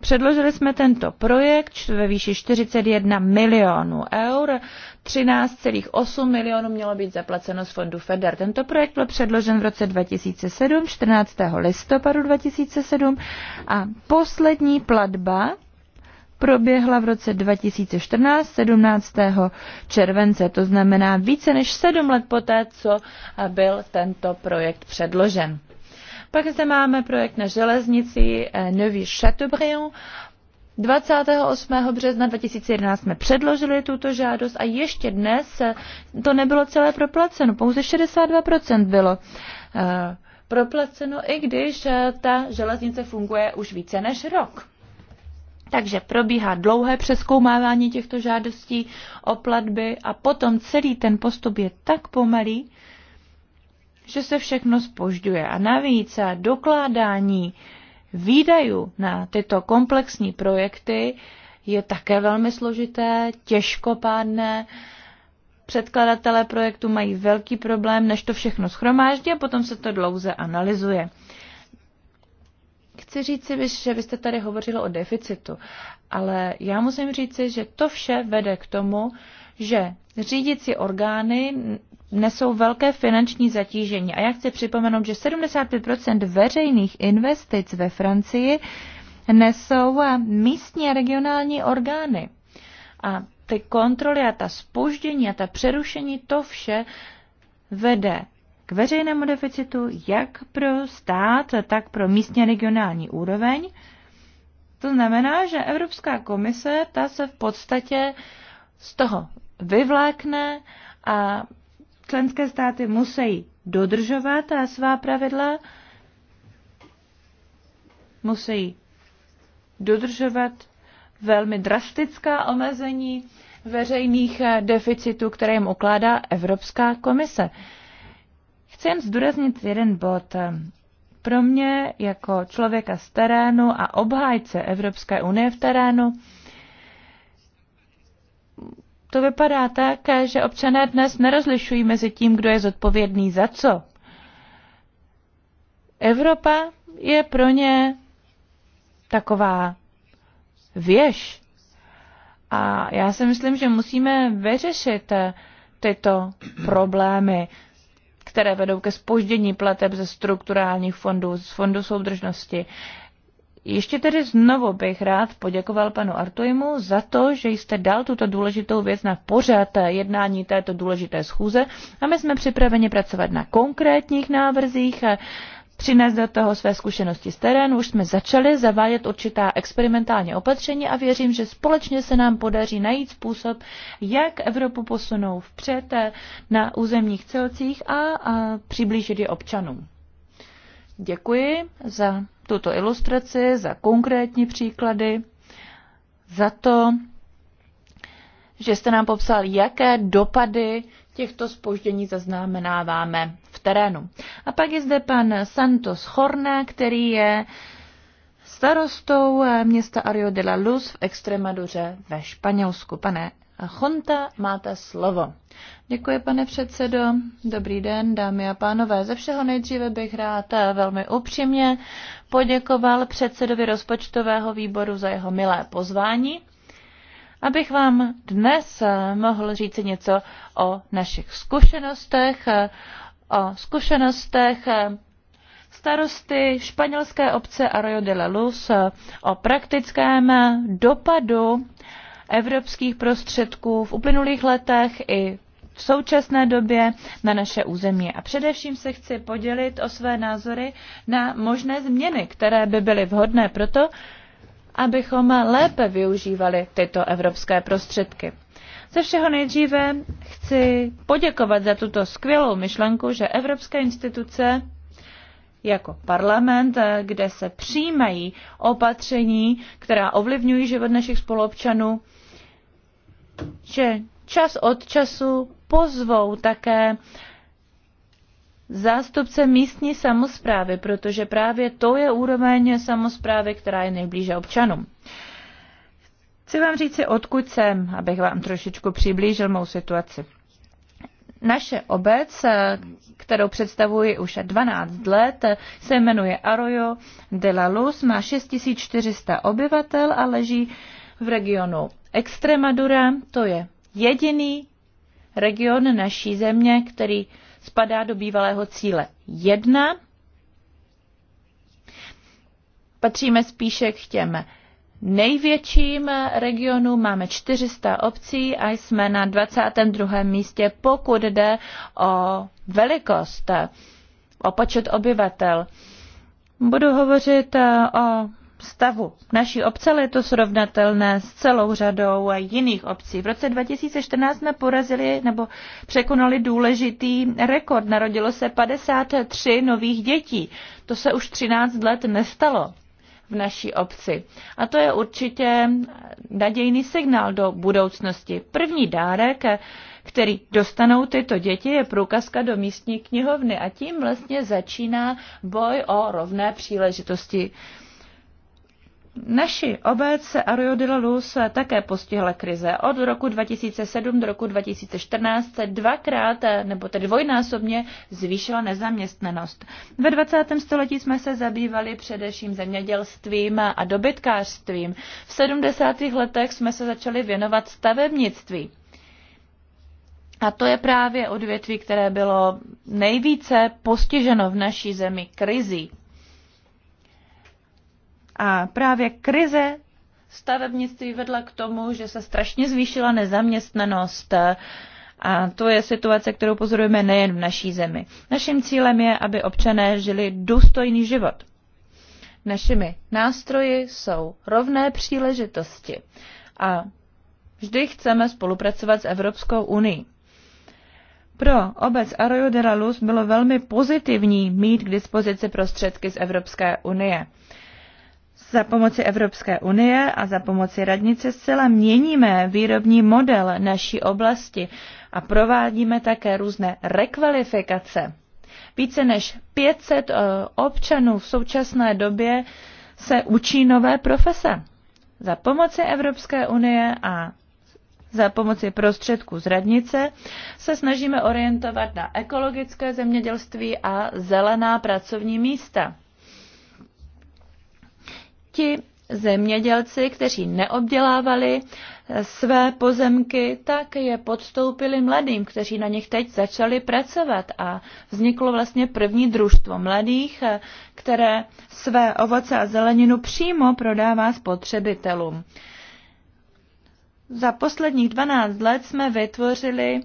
Speaker 1: Předložili jsme tento projekt ve výši 41 milionů eur, 13,8 milionů mělo být zaplaceno z fondu FEDER. Tento projekt byl předložen v roce 2007, 14. listopadu 2007 a poslední platba proběhla v roce 2014 17. července, to znamená více než 7 let poté, co byl tento projekt předložen. Pak zde máme projekt na železnici eh, Nový Chateaubriand. 28. března 2011 jsme předložili tuto žádost a ještě dnes eh, to nebylo celé proplaceno, pouze 62% bylo eh, proplaceno, i když ta železnice funguje už více než rok. Takže probíhá dlouhé přeskoumávání těchto žádostí o platby a potom celý ten postup je tak pomalý, že se všechno spožďuje. A navíc a dokládání výdajů na tyto komplexní projekty je také velmi složité, těžkopádné. Předkladatelé projektu mají velký problém, než to všechno schromáždí a potom se to dlouze analyzuje. Chci říci, že vy jste tady hovořili o deficitu, ale já musím říci, že to vše vede k tomu, že řídící orgány nesou velké finanční zatížení. A já chci připomenout, že 75 veřejných investic ve Francii nesou eh, místní a regionální orgány. A ty kontroly a ta spoždění a ta přerušení, to vše vede k veřejnému deficitu jak pro stát, tak pro místně regionální úroveň. To znamená, že Evropská komise ta se v podstatě z toho vyvlékne a Členské státy musí dodržovat svá pravidla, musí dodržovat velmi drastická omezení veřejných eh, deficitů, které jim ukládá Evropská komise. Chci jen zdůraznit jeden bod. Pro mě jako člověka z terénu a obhájce Evropské unie v terénu to vypadá tak, že občané dnes nerozlišují mezi tím, kdo je zodpovědný za co. Evropa je pro ně taková věž. A já si myslím, že musíme vyřešit eh, tyto problémy, které vedou ke spoždění plateb ze strukturálních fondů, z fondu soudržnosti. Ještě tedy znovu bych rád poděkoval panu Artujmu za to, že jste dal tuto důležitou věc na pořád jednání této důležité schůze a my jsme připraveni pracovat na konkrétních návrzích, a eh, přinést do toho své zkušenosti z terénu. Už jsme začali zavádět určitá experimentální opatření a věřím, že společně se nám podaří najít způsob, jak Evropu posunout vpřed eh, na územních celcích a, a přiblížit je občanům. Děkuji za tuto ilustraci, za konkrétní příklady, za to, že jste nám popsal, jaké dopady těchto spoždění zaznamenáváme v terénu. A pak je zde pan Santos Horne, který je starostou eh, města Ario de la Luz v Extremaduře ve Španělsku. Pane Chonta, máte slovo. Děkuji, pane předsedo. Dobrý den, dámy a pánové. Ze všeho nejdříve bych rád velmi upřímně poděkoval předsedovi rozpočtového výboru za jeho milé pozvání, abych vám dnes mohl říct něco o našich zkušenostech, o zkušenostech starosty španělské obce Arroyo de la Luz o praktickém dopadu evropských prostředků v uplynulých letech i v současné době na naše území. A především se chci podělit o své názory na možné změny, které by byly vhodné proto, abychom lépe využívali tyto evropské prostředky. Ze všeho nejdříve chci poděkovat za tuto skvělou myšlenku, že evropské instituce jako parlament, kde se přijímají opatření, která ovlivňují život našich spoluobčanů, že čas od času pozvou také zástupce místní samozprávy, protože právě to je úroveň samozprávy, která je nejblíže občanům. Chci vám říci, odkud jsem, abych vám trošičku přiblížil mou situaci. Naše obec, kterou představuji už 12 let, se jmenuje Arroyo de la Luz, má 6400 obyvatel a leží v regionu Extremadura to je jediný region naší země, který spadá do bývalého cíle 1. Patříme spíše k těm největším regionům. máme 400 obcí a jsme na 22. místě, pokud jde o velikost, o počet obyvatel. Budu hovořit eh, o stavu naší obce, ale je to srovnatelné s celou řadou jiných obcí. V roce 2014 jsme porazili nebo překonali důležitý rekord. Narodilo se 53 nových dětí. To se už 13 let nestalo v naší obci. A to je určitě nadějný signál do budoucnosti. První dárek, který dostanou tyto děti, je průkazka do místní knihovny a tím vlastně začíná boj o rovné příležitosti Naši obec Arroyo de la Luz také postihla krize. Od roku 2007 do roku 2014 se dvakrát, nebo tedy dvojnásobně, zvýšila nezaměstnanost. Ve 20. století jsme se zabývali především zemědělstvím a dobytkářstvím. V 70. letech jsme se začali věnovat stavebnictví. A to je právě odvětví, které bylo nejvíce postiženo v naší zemi krizí. A právě krize stavebnictví vedla k tomu, že se strašně zvýšila nezaměstnanost. A to je situace, kterou pozorujeme nejen v naší zemi. Naším cílem je, aby občané žili důstojný život. Našimi nástroji jsou rovné příležitosti a vždy chceme spolupracovat s Evropskou unii. Pro obec Arroyo de la Luz bylo velmi pozitivní mít k dispozici prostředky z Evropské unie. Za pomoci Evropské unie a za pomoci radnice zcela měníme výrobní model naší oblasti a provádíme také různé rekvalifikace. Více než 500 eh, občanů v současné době se učí nové profese. Za pomoci Evropské unie a za pomoci prostředků z radnice se snažíme orientovat na ekologické zemědělství a zelená pracovní místa ti zemědělci, kteří neobdělávali eh, své pozemky, tak je podstoupili mladým, kteří na nich teď začali pracovat a vzniklo vlastně první družstvo mladých, eh, které své ovoce a zeleninu přímo prodává spotřebitelům. Za posledních 12 let jsme vytvořili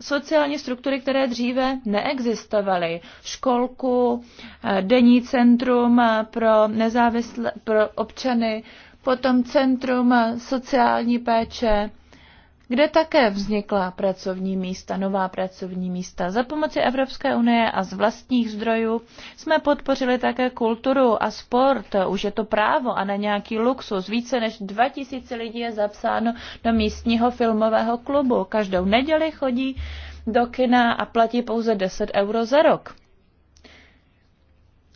Speaker 1: sociální struktury, které dříve neexistovaly. Školku, eh, denní centrum eh, pro, nezávisl, pro občany, potom centrum eh, sociální péče, kde také vznikla pracovní místa, nová pracovní místa. Za pomoci Evropské unie a z vlastních zdrojů jsme podpořili také kulturu a sport. Už je to právo a na nějaký luxus. Více než 2000 lidí je zapsáno do místního filmového klubu. Každou neděli chodí do kina a platí pouze 10 euro za rok.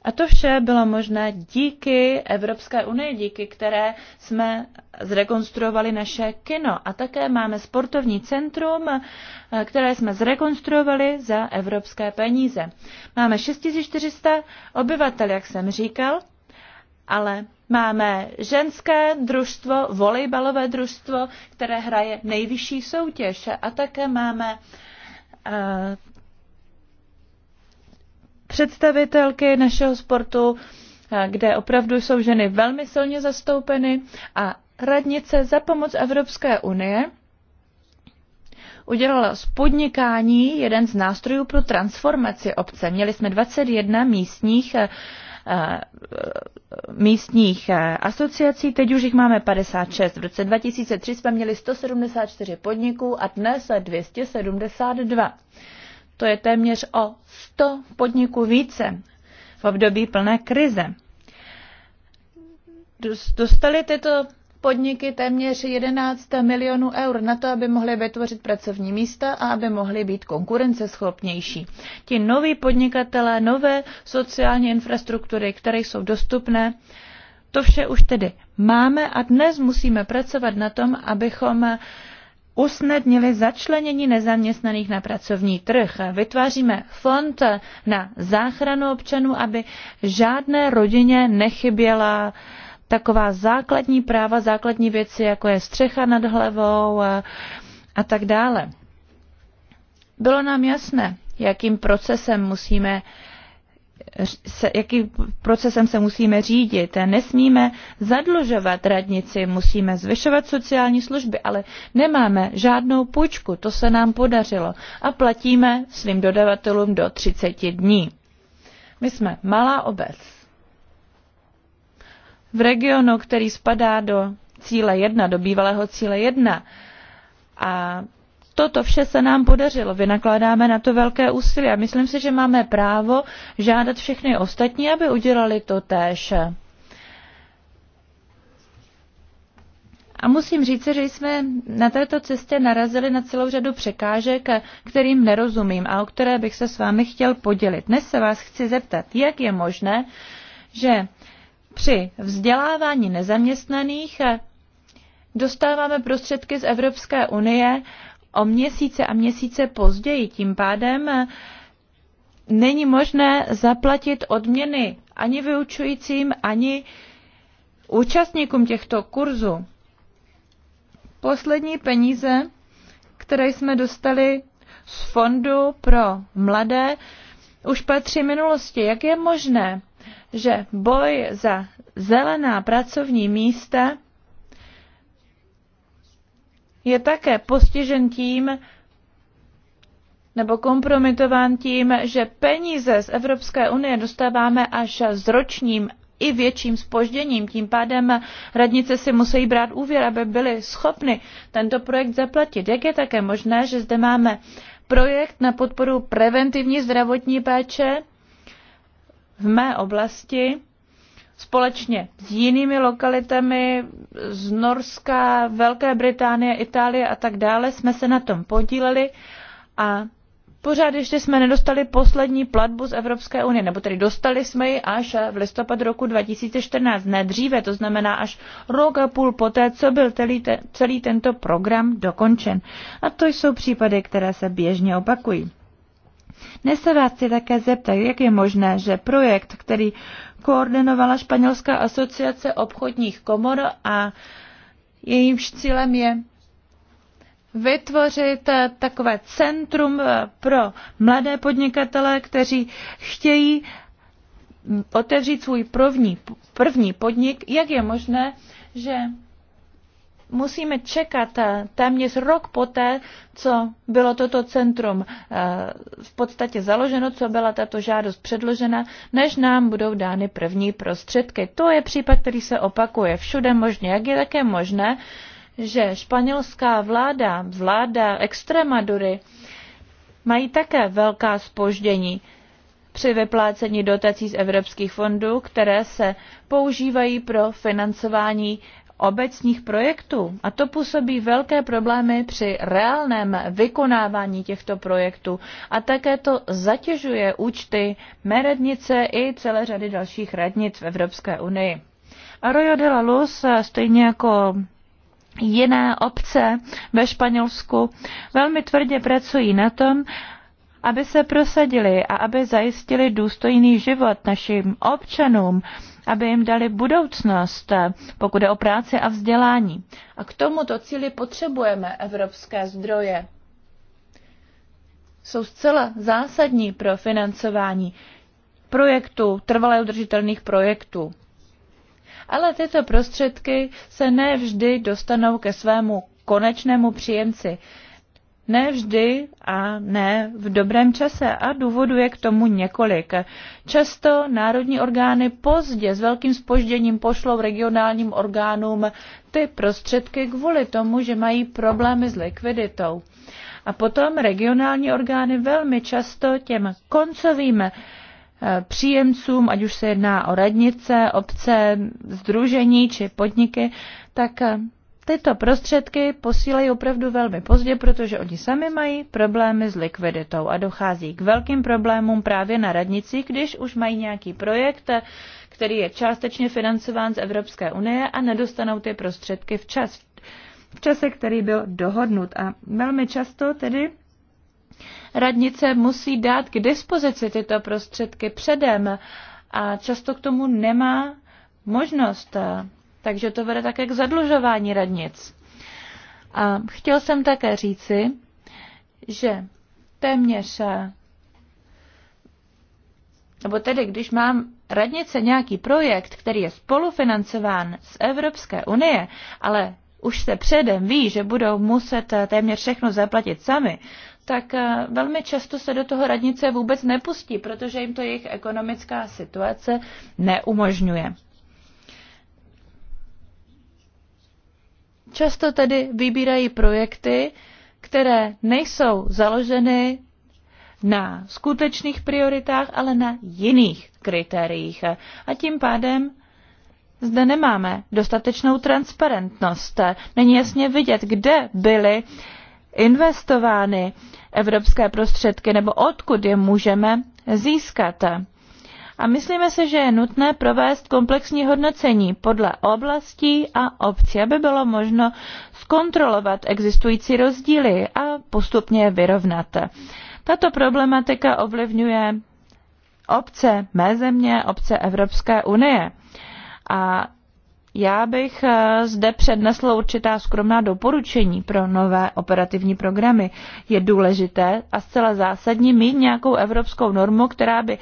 Speaker 1: A to vše bylo možné díky Evropské unii, díky které jsme zrekonstruovali naše kino. A také máme sportovní centrum, eh, které jsme zrekonstruovali za evropské peníze. Máme 6400 obyvatel, jak jsem říkal, ale máme ženské družstvo, volejbalové družstvo, které hraje nejvyšší soutěž. A také máme eh, představitelky našeho sportu, eh, kde opravdu jsou ženy velmi silně zastoupeny a radnice za pomoc Evropské unie udělala z podnikání jeden z nástrojů pro transformaci obce. Měli jsme 21 místních eh, eh, místních asociací, teď už jich máme 56. V roce 2003 jsme měli 174 podniků a dnes 272. To je téměř o 100 podniků více v období plné krize. Dostali tyto podniky téměř 11 milionů eur na to, aby mohly vytvořit pracovní místa a aby mohly být konkurenceschopnější. Ti noví podnikatelé, nové sociální infrastruktury, které jsou dostupné, to vše už tedy máme a dnes musíme pracovat na tom, abychom usnadnili začlenění nezaměstnaných na pracovní trh. Vytváříme fond na záchranu občanů, aby žádné rodině nechyběla taková základní práva, základní věci, jako je střecha nad hlavou a, a tak dále. Bylo nám jasné, jakým procesem musíme uh, se, jakým procesem se musíme řídit. Nesmíme zadlužovat radnici, musíme zvyšovat sociální služby, ale nemáme žádnou půjčku, to se nám podařilo. A platíme svým dodavatelům do 30 dní. My jsme malá obec. V regionu, který spadá do cíle 1, do bývalého cíle 1, a toto vše se nám podařilo vynakládáme na to velké úsilí a myslím si že máme právo žádat všechny ostatní aby udělali totéž. A musím říci, že jsme na této cestě narazili na celou řadu překážek, kterým nerozumím a o které bych se s vámi chtěl podělit. Dnes se vás chci zeptat, jak je možné, že při vzdělávání nezaměstnaných dostáváme prostředky z Evropské unie o měsíce a měsíce později. Tím pádem eh, není možné zaplatit odměny ani vyučujícím, ani účastníkům těchto kurzů. Poslední peníze, které jsme dostali z Fondu pro mladé, už patří minulosti. Jak je možné, že boj za zelená pracovní místa je také postižen tím, nebo kompromitován tím, že peníze z Evropské unie dostáváme až s ročním i větším spožděním. Tím pádem radnice si musí brát úvěr, aby byly schopny tento projekt zaplatit. Jak je také možné, že zde máme projekt na podporu preventivní zdravotní péče v mé oblasti, společně s jinými lokalitami z Norska, Velké Británie, Itálie a tak dále jsme se na tom podíleli a pořád ještě jsme nedostali poslední platbu z Evropské unie, nebo tedy dostali jsme ji až v listopadu roku 2014, ne dříve, to znamená až rok a půl poté, co byl celý, te, celý tento program dokončen. A to jsou případy, které se běžně opakují. Dnes se vás chci také zeptat, jak je možné, že projekt, který koordinovala Španělská asociace obchodních komor a jejímž cílem je vytvořit eh, takové centrum eh, pro mladé podnikatele, kteří chtějí mm, otevřít svůj první, první podnik, jak je možné, že musíme čekat eh, téměř rok poté, co bylo toto centrum eh, v podstatě založeno, co byla tato žádost předložena, než nám budou dány první prostředky. To je případ, který se opakuje všude možně. Jak je také možné, že španělská vláda, vláda Extremadury, mají také velká spoždění při vyplácení dotací z evropských fondů, které se používají pro financování obecních projektů. A to působí velké problémy při reálném vykonávání těchto projektů. A také to zatěžuje účty mé radnice i celé řady dalších radnic v Evropské unii. Arroyo de la Luz, stejně jako jiné obce ve Španělsku, velmi tvrdě pracují na tom, aby se prosadili a aby zajistili důstojný život našim občanům, aby jim dali budoucnost, pokud je o práci a vzdělání. A k tomuto cíli potřebujeme evropské zdroje. Jsou zcela zásadní pro financování projektů, trvalé udržitelných projektů. Ale tyto prostředky se nevždy dostanou ke svému konečnému příjemci. Ne vždy a ne v dobrém čase a důvodu je k tomu několik. Často národní orgány pozdě s velkým spožděním pošlou regionálním orgánům ty prostředky kvůli tomu, že mají problémy s likviditou. A potom regionální orgány velmi často těm koncovým eh, příjemcům, ať už se jedná o radnice, obce, združení či podniky, tak eh, tyto prostředky posílají opravdu velmi pozdě, protože oni sami mají problémy s likviditou a dochází k velkým problémům právě na radnici, když už mají nějaký projekt, který je částečně financován z Evropské unie a nedostanou ty prostředky včas, v čase, který byl dohodnut. A velmi často tedy radnice musí dát k dispozici tyto prostředky předem a často k tomu nemá možnost. Takže to vede také k zadlužování radnic. A chtěl jsem také říci, že téměř, eh, nebo tedy když mám radnice nějaký projekt, který je spolufinancován z Evropské unie, ale už se předem ví, že budou muset eh, téměř všechno zaplatit sami, tak eh, velmi často se do toho radnice vůbec nepustí, protože jim to jejich ekonomická situace neumožňuje. Často tedy vybírají projekty, které nejsou založeny na skutečných prioritách, ale na jiných kritériích. A tím pádem zde nemáme dostatečnou transparentnost. Není jasně vidět, kde byly investovány evropské prostředky nebo odkud je můžeme získat. A myslíme si, že je nutné provést komplexní hodnocení podle oblastí a obcí, aby bylo možno zkontrolovat existující rozdíly a postupně je vyrovnat. Tato problematika ovlivňuje obce mé země, obce Evropské unie. A já bych eh, zde přednesla určitá skromná doporučení pro nové operativní programy. Je důležité a zcela zásadní mít nějakou evropskou normu, která by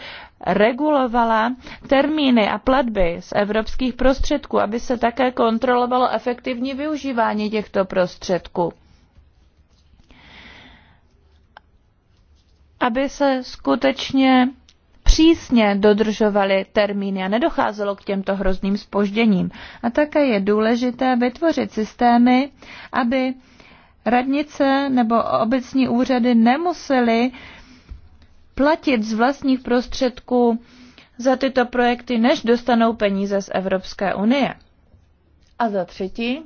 Speaker 1: regulovala termíny a platby z evropských prostředků, aby se také kontrolovalo efektivní využívání těchto prostředků. Aby se skutečně přísně dodržovali termíny a nedocházelo k těmto hrozným spožděním. A také je důležité vytvořit systémy, aby radnice nebo obecní úřady nemusely platit z vlastních prostředků za tyto projekty, než dostanou peníze z Evropské unie. A za třetí,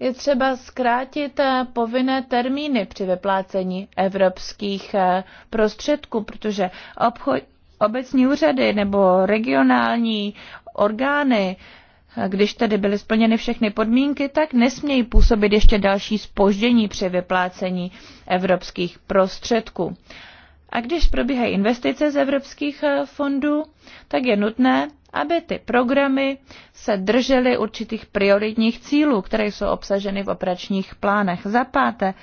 Speaker 1: je třeba zkrátit eh, povinné termíny při vyplácení evropských eh, prostředků, protože obchod, obecní úřady nebo regionální orgány, eh, když tedy byly splněny všechny podmínky, tak nesmějí působit ještě další spoždění při vyplácení evropských prostředků. A když probíhají investice z evropských fondů, tak je nutné, aby ty programy se držely určitých prioritních cílů, které jsou obsaženy v operačních plánech. Za páté,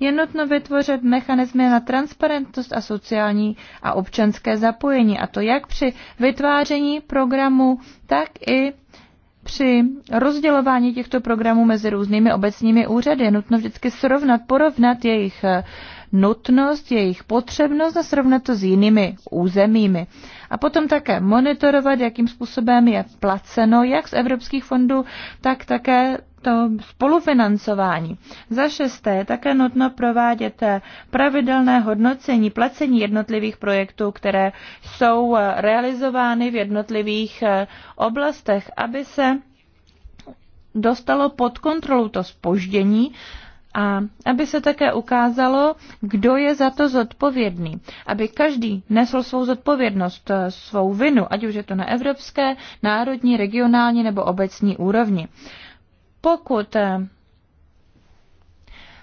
Speaker 1: je nutno vytvořit mechanismy na transparentnost a sociální a občanské zapojení, a to jak při vytváření programu, tak i při rozdělování těchto programů mezi různými obecními úřady je nutno vždycky srovnat, porovnat jejich nutnost, jejich potřebnost a srovnat to s jinými územími. A potom také monitorovat, jakým způsobem je placeno, jak z evropských fondů, tak také to spolufinancování. Za šesté je také nutno provádět pravidelné hodnocení placení jednotlivých projektů, které jsou realizovány v jednotlivých oblastech, aby se dostalo pod kontrolu to spoždění a aby se také ukázalo, kdo je za to zodpovědný. Aby každý nesl svou zodpovědnost, eh, svou vinu, ať už je to na evropské, národní, regionální nebo obecní úrovni. Pokud eh,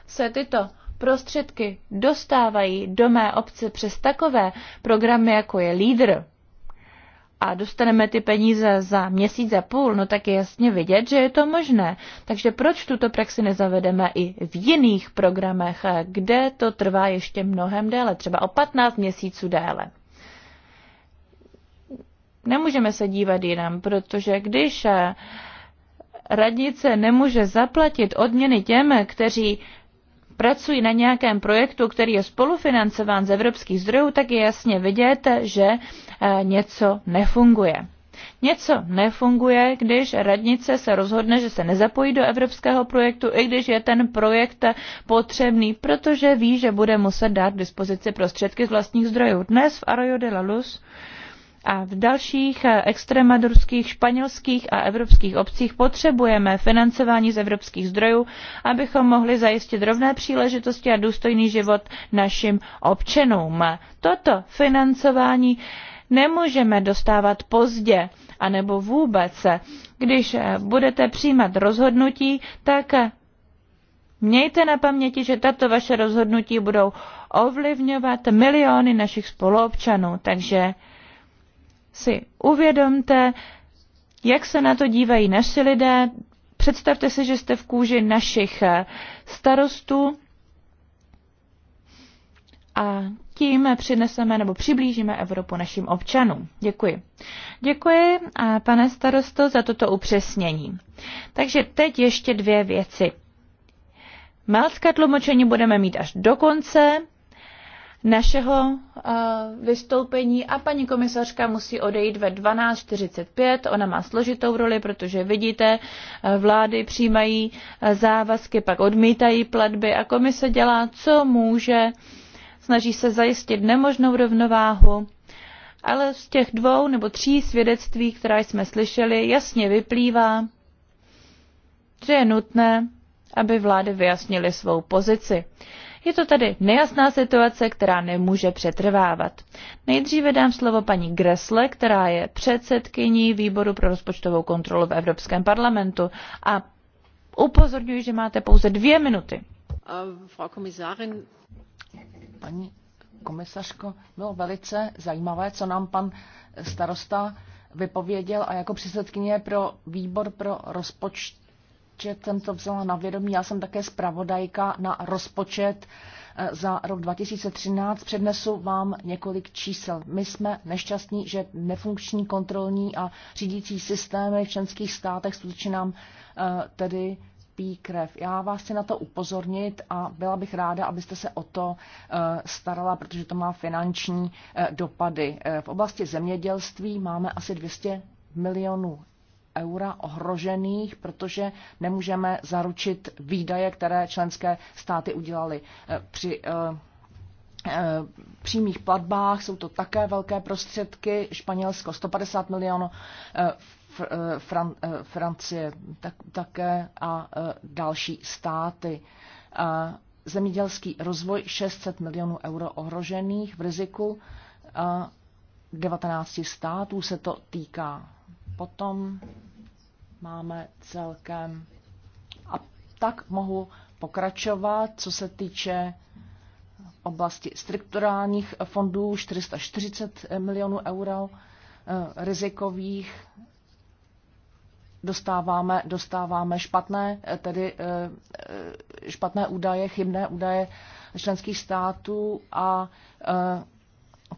Speaker 1: se tyto prostředky dostávají do mé obce přes takové programy, jako je LEADER, a dostaneme ty peníze za měsíc a půl, no tak je jasně vidět, že je to možné. Takže proč tuto praxi nezavedeme i v jiných programech, kde to trvá ještě mnohem déle, třeba o 15 měsíců déle? Nemůžeme se dívat jinam, protože když radnice nemůže zaplatit odměny těm, kteří pracují na nějakém projektu, který je spolufinancován z evropských zdrojů, tak je jasně vidět, že eh, něco nefunguje. Něco nefunguje, když radnice se rozhodne, že se nezapojí do evropského projektu, i když je ten projekt potřebný, protože ví, že bude muset dát dispozici prostředky z vlastních zdrojů. Dnes v Arroyo de la Luz a v dalších eh, extremadurských, španělských a evropských obcích potřebujeme financování z evropských zdrojů, abychom mohli zajistit rovné příležitosti a důstojný život našim občanům. Toto financování nemůžeme dostávat pozdě, anebo vůbec. Když eh, budete přijímat rozhodnutí, tak eh, Mějte na paměti, že tato vaše rozhodnutí budou ovlivňovat miliony našich spoluobčanů, takže si uvědomte, jak se na to dívají naši lidé. Představte si, že jste v kůži našich eh, starostů a tím přineseme nebo přiblížíme Evropu našim občanům. Děkuji. Děkuji, a pane starosto, za toto upřesnění. Takže teď ještě dvě věci. Malcké tlumočení budeme mít až do konce, našeho eh, vystoupení a paní komisařka musí odejít ve 12.45. Ona má složitou roli, protože vidíte, eh, vlády přijímají eh, závazky, pak odmítají platby a komise dělá, co může. Snaží se zajistit nemožnou rovnováhu ale z těch dvou nebo tří svědectví, která jsme slyšeli, jasně vyplývá, že je nutné, aby vlády vyjasnily svou pozici. Je to tedy nejasná situace, která nemůže přetrvávat. Nejdříve dám slovo paní Gresle, která je předsedkyní výboru pro rozpočtovou kontrolu v Evropském parlamentu a upozorňuji, že máte pouze dvě minuty.
Speaker 2: Paní komisařko, bylo velice zajímavé, co nám pan starosta vypověděl a jako předsedkyně pro výbor pro rozpočt, rozpočet jsem to vzala na vědomí. Já jsem také zpravodajka na rozpočet eh, za rok 2013. Přednesu vám několik čísel. My jsme nešťastní, že nefunkční kontrolní a řídící systémy v členských státech skutečně nám eh, tedy pí krev. Já vás chci na to upozornit a byla bych ráda, abyste se o to eh, starala, protože to má finanční dopady. V oblasti zemědělství máme asi 200 milionů eura ohrožených, protože nemůžeme zaručit výdaje, které členské státy udělaly eh, při eh, eh, přímých platbách, jsou to také velké prostředky, Španělsko 150 milionů, Fran, Francie tak, také a další státy. Zemědělský rozvoj 600 milionů euro ohrožených v riziku 19 států se to týká potom máme celkem. A tak mohu pokračovat, co se týče oblasti strukturálních fondů 440 milionů euro, eh, rizikových dostáváme, dostáváme špatné, eh, tedy eh, špatné údaje, chybné údaje členských států a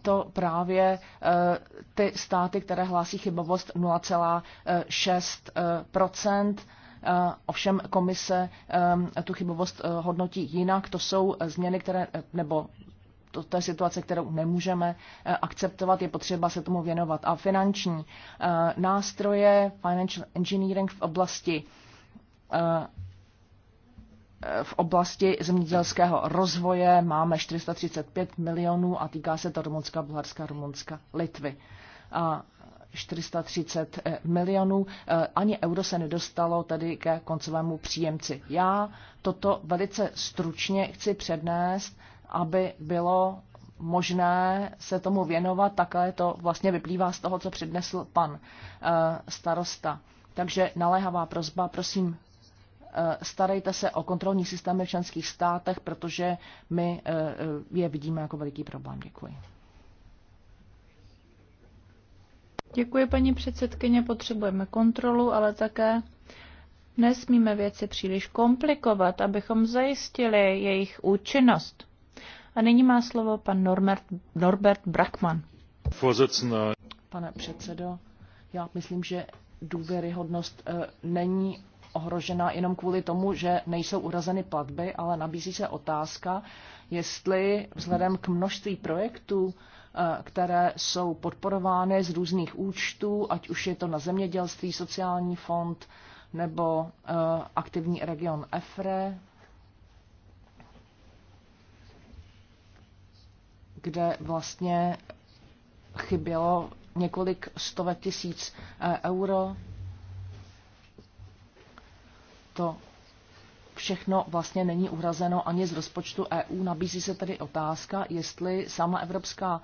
Speaker 2: to právě eh, ty státy, které hlásí chybovost 0,6 eh, eh, Ovšem komise tu chybovost hodnotí jinak. To jsou změny, které, nebo to, to je situace, kterou nemůžeme akceptovat, je potřeba se tomu věnovat. A finanční nástroje, financial engineering v oblasti v oblasti zemědělského rozvoje máme 435 milionů a týká se to Rumunska, Bulharska, Rumunska, Litvy. A 430 eh, milionů. Eh, ani euro se nedostalo tedy ke koncovému příjemci. Já toto velice stručně chci přednést, aby bylo možné se tomu věnovat. Takhle to vlastně vyplývá z toho, co přednesl pan eh, starosta. Takže naléhavá prozba, prosím, Eh, starejte se o kontrolní systémy v členských státech, protože my eh, je vidíme jako veliký problém. Děkuji.
Speaker 1: Děkuji, paní předsedkyně. Potřebujeme kontrolu, ale také nesmíme věci příliš komplikovat, abychom zajistili jejich účinnost. A nyní má slovo pan Norbert, Norbert Brackmann.
Speaker 2: Pane předsedo, já myslím, že důvěryhodnost eh, není ohrožena jenom kvůli tomu, že nejsou urazeny platby, ale nabízí se otázka, jestli vzhledem k množství projektů, eh, které jsou podporovány z různých účtů, ať už je to na zemědělství, sociální fond nebo eh, aktivní region EFRE, kde vlastně chybělo několik stovek tisíc eh, euro to všechno vlastně není uhrazeno ani z rozpočtu EU. Nabízí se tedy otázka, jestli sama Evropská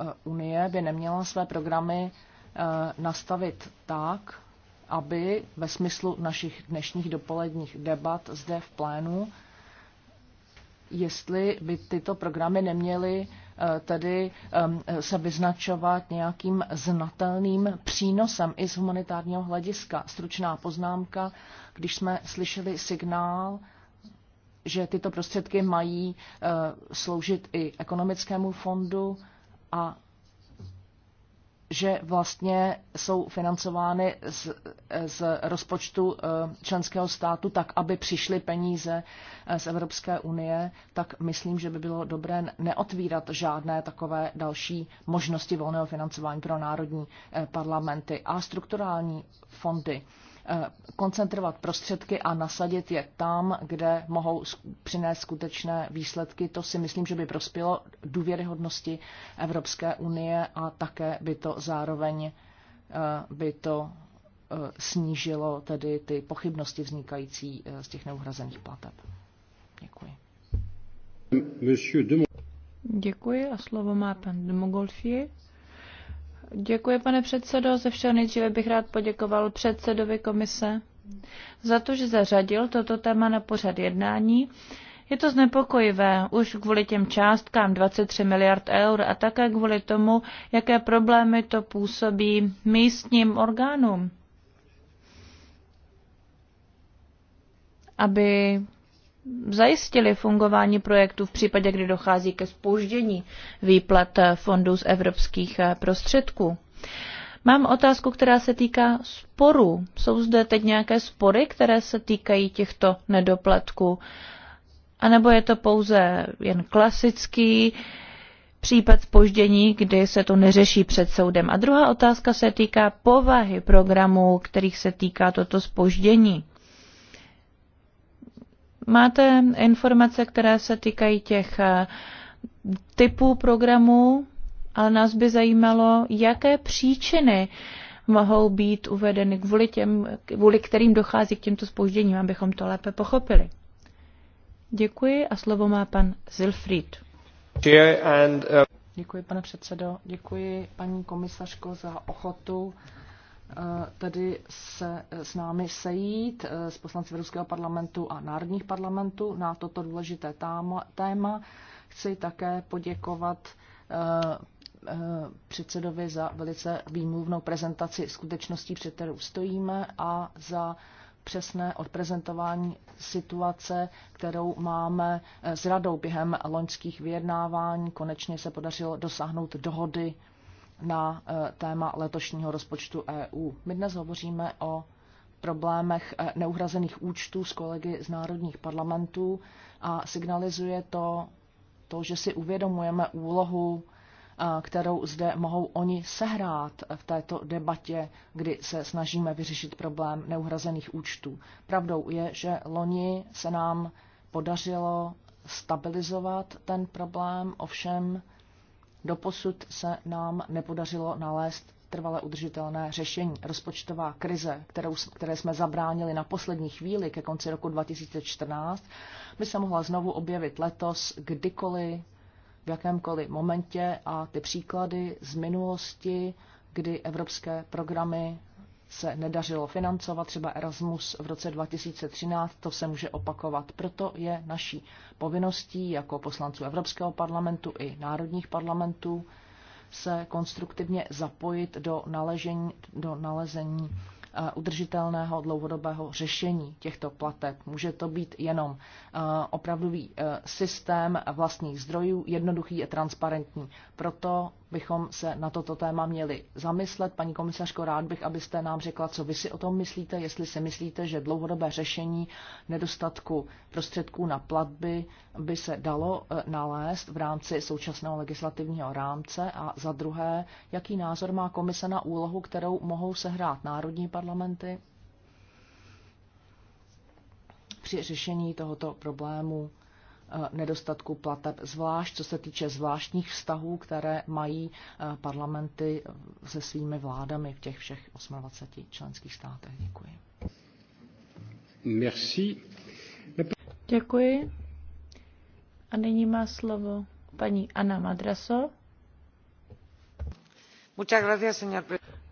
Speaker 2: eh, unie by neměla své programy eh, nastavit tak, aby ve smyslu našich dnešních dopoledních debat zde v plénu, jestli by tyto programy neměly eh, tedy se vyznačovat nějakým znatelným přínosem i z humanitárního hlediska. Stručná poznámka když jsme slyšeli signál, že tyto prostředky mají eh, sloužit i ekonomickému fondu a že vlastně jsou financovány z, eh, z rozpočtu eh, členského státu tak, aby přišly peníze z Evropské unie, tak myslím, že by bylo dobré neotvírat žádné takové další možnosti volného financování pro národní parlamenty a strukturální fondy. Eh, koncentrovat prostředky a nasadit je tam, kde mohou přinést skutečné výsledky. To si myslím, že by prospělo důvěryhodnosti Evropské unie a také by to zároveň eh, by to eh, snížilo tedy ty pochybnosti vznikající z těch neuhrazených plateb. Děkuji.
Speaker 1: Děkuji a slovo má pan Demogolfier. Děkuji, pane předsedo. Ze všeho nejdříve bych rád poděkoval předsedovi komise za to, že zařadil toto téma na pořad jednání. Je to znepokojivé už kvůli těm částkám 23 miliard eur a také kvůli tomu, jaké problémy to působí místním orgánům. Aby zajistili fungování projektu v případě, kdy dochází ke spoždění výplat eh, fondů z evropských eh, prostředků. Mám otázku, která se týká sporů. Jsou zde teď nějaké spory, které se týkají těchto nedoplatků? A nebo je to pouze jen klasický případ spoždění, kdy se to neřeší před soudem? A druhá otázka se týká povahy programů, kterých se týká toto spoždění. Máte informace, které se týkají těch eh, typů programů, ale nás by zajímalo, jaké příčiny mohou být uvedeny, kvůli, těm, kvůli kterým dochází k těmto spožděním, abychom to lépe pochopili. Děkuji
Speaker 2: a slovo má pan Zilfried. Uh, Děkuji, pane předsedo. Děkuji, paní komisařko, za ochotu Eh, tedy se eh, s námi sejít eh, s poslanci Evropského parlamentu a národních parlamentů na toto důležité téma. Chci také poděkovat předsedovi za velice výmluvnou prezentaci skutečností, před kterou stojíme a za přesné odprezentování situace, kterou máme s radou během loňských vyjednávání. Konečně se podařilo dosáhnout dohody na eh, téma letošního rozpočtu EU. My dnes hovoříme o problémech eh, neuhrazených účtů s kolegy z národních parlamentů a signalizuje to, to že si uvědomujeme úlohu, eh, kterou zde mohou oni sehrát v této debatě, kdy se snažíme vyřešit problém neuhrazených účtů. Pravdou je, že loni se nám podařilo stabilizovat ten problém, ovšem Doposud se nám nepodařilo nalézt trvale udržitelné řešení. Rozpočtová krize, kterou, které jsme zabránili na poslední chvíli ke konci roku 2014, by se mohla znovu objevit letos kdykoliv, v jakémkoliv momentě a ty příklady z minulosti, kdy evropské programy se nedařilo financovat, třeba Erasmus v roce 2013, to se může opakovat. Proto je naší povinností jako poslanců Evropského parlamentu i národních parlamentů se konstruktivně zapojit do, naležení, do nalezení eh, udržitelného dlouhodobého řešení těchto plateb. Může to být jenom eh, opravdový eh, systém vlastních zdrojů, jednoduchý a transparentní. Proto bychom se na toto téma měli zamyslet. Paní komisařko, rád bych, abyste nám řekla, co vy si o tom myslíte, jestli si myslíte, že dlouhodobé řešení nedostatku prostředků na platby by se dalo eh, nalézt v rámci současného legislativního rámce a za druhé, jaký názor má komise na úlohu, kterou mohou sehrát národní parlamenty při řešení tohoto problému Eh, nedostatku plateb, zvlášť co se týče zvláštních vztahů, které mají eh, parlamenty eh, se svými vládami v těch všech 28 členských státech. Děkuji.
Speaker 4: Merci. Děkuji.
Speaker 1: A nyní má slovo paní Anna Madraso.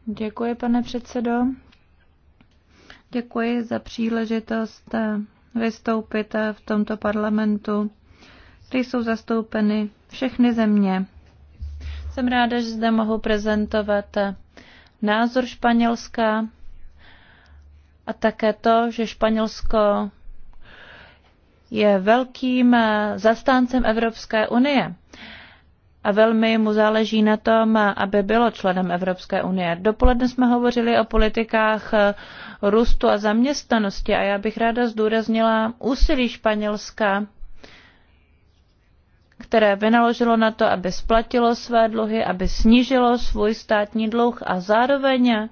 Speaker 1: Děkuji, pane předsedo. Děkuji za příležitost vystoupit v tomto parlamentu, kde jsou zastoupeny všechny země. Jsem ráda, že zde mohu prezentovat názor Španělska a také to, že Španělsko je velkým zastáncem Evropské unie a velmi mu záleží na tom, aby bylo členem Evropské unie. Dopoledne jsme hovořili o politikách eh, růstu a zaměstnanosti a já bych ráda zdůraznila úsilí Španělska, které vynaložilo na to, aby splatilo své dluhy, aby snížilo svůj státní dluh a zároveň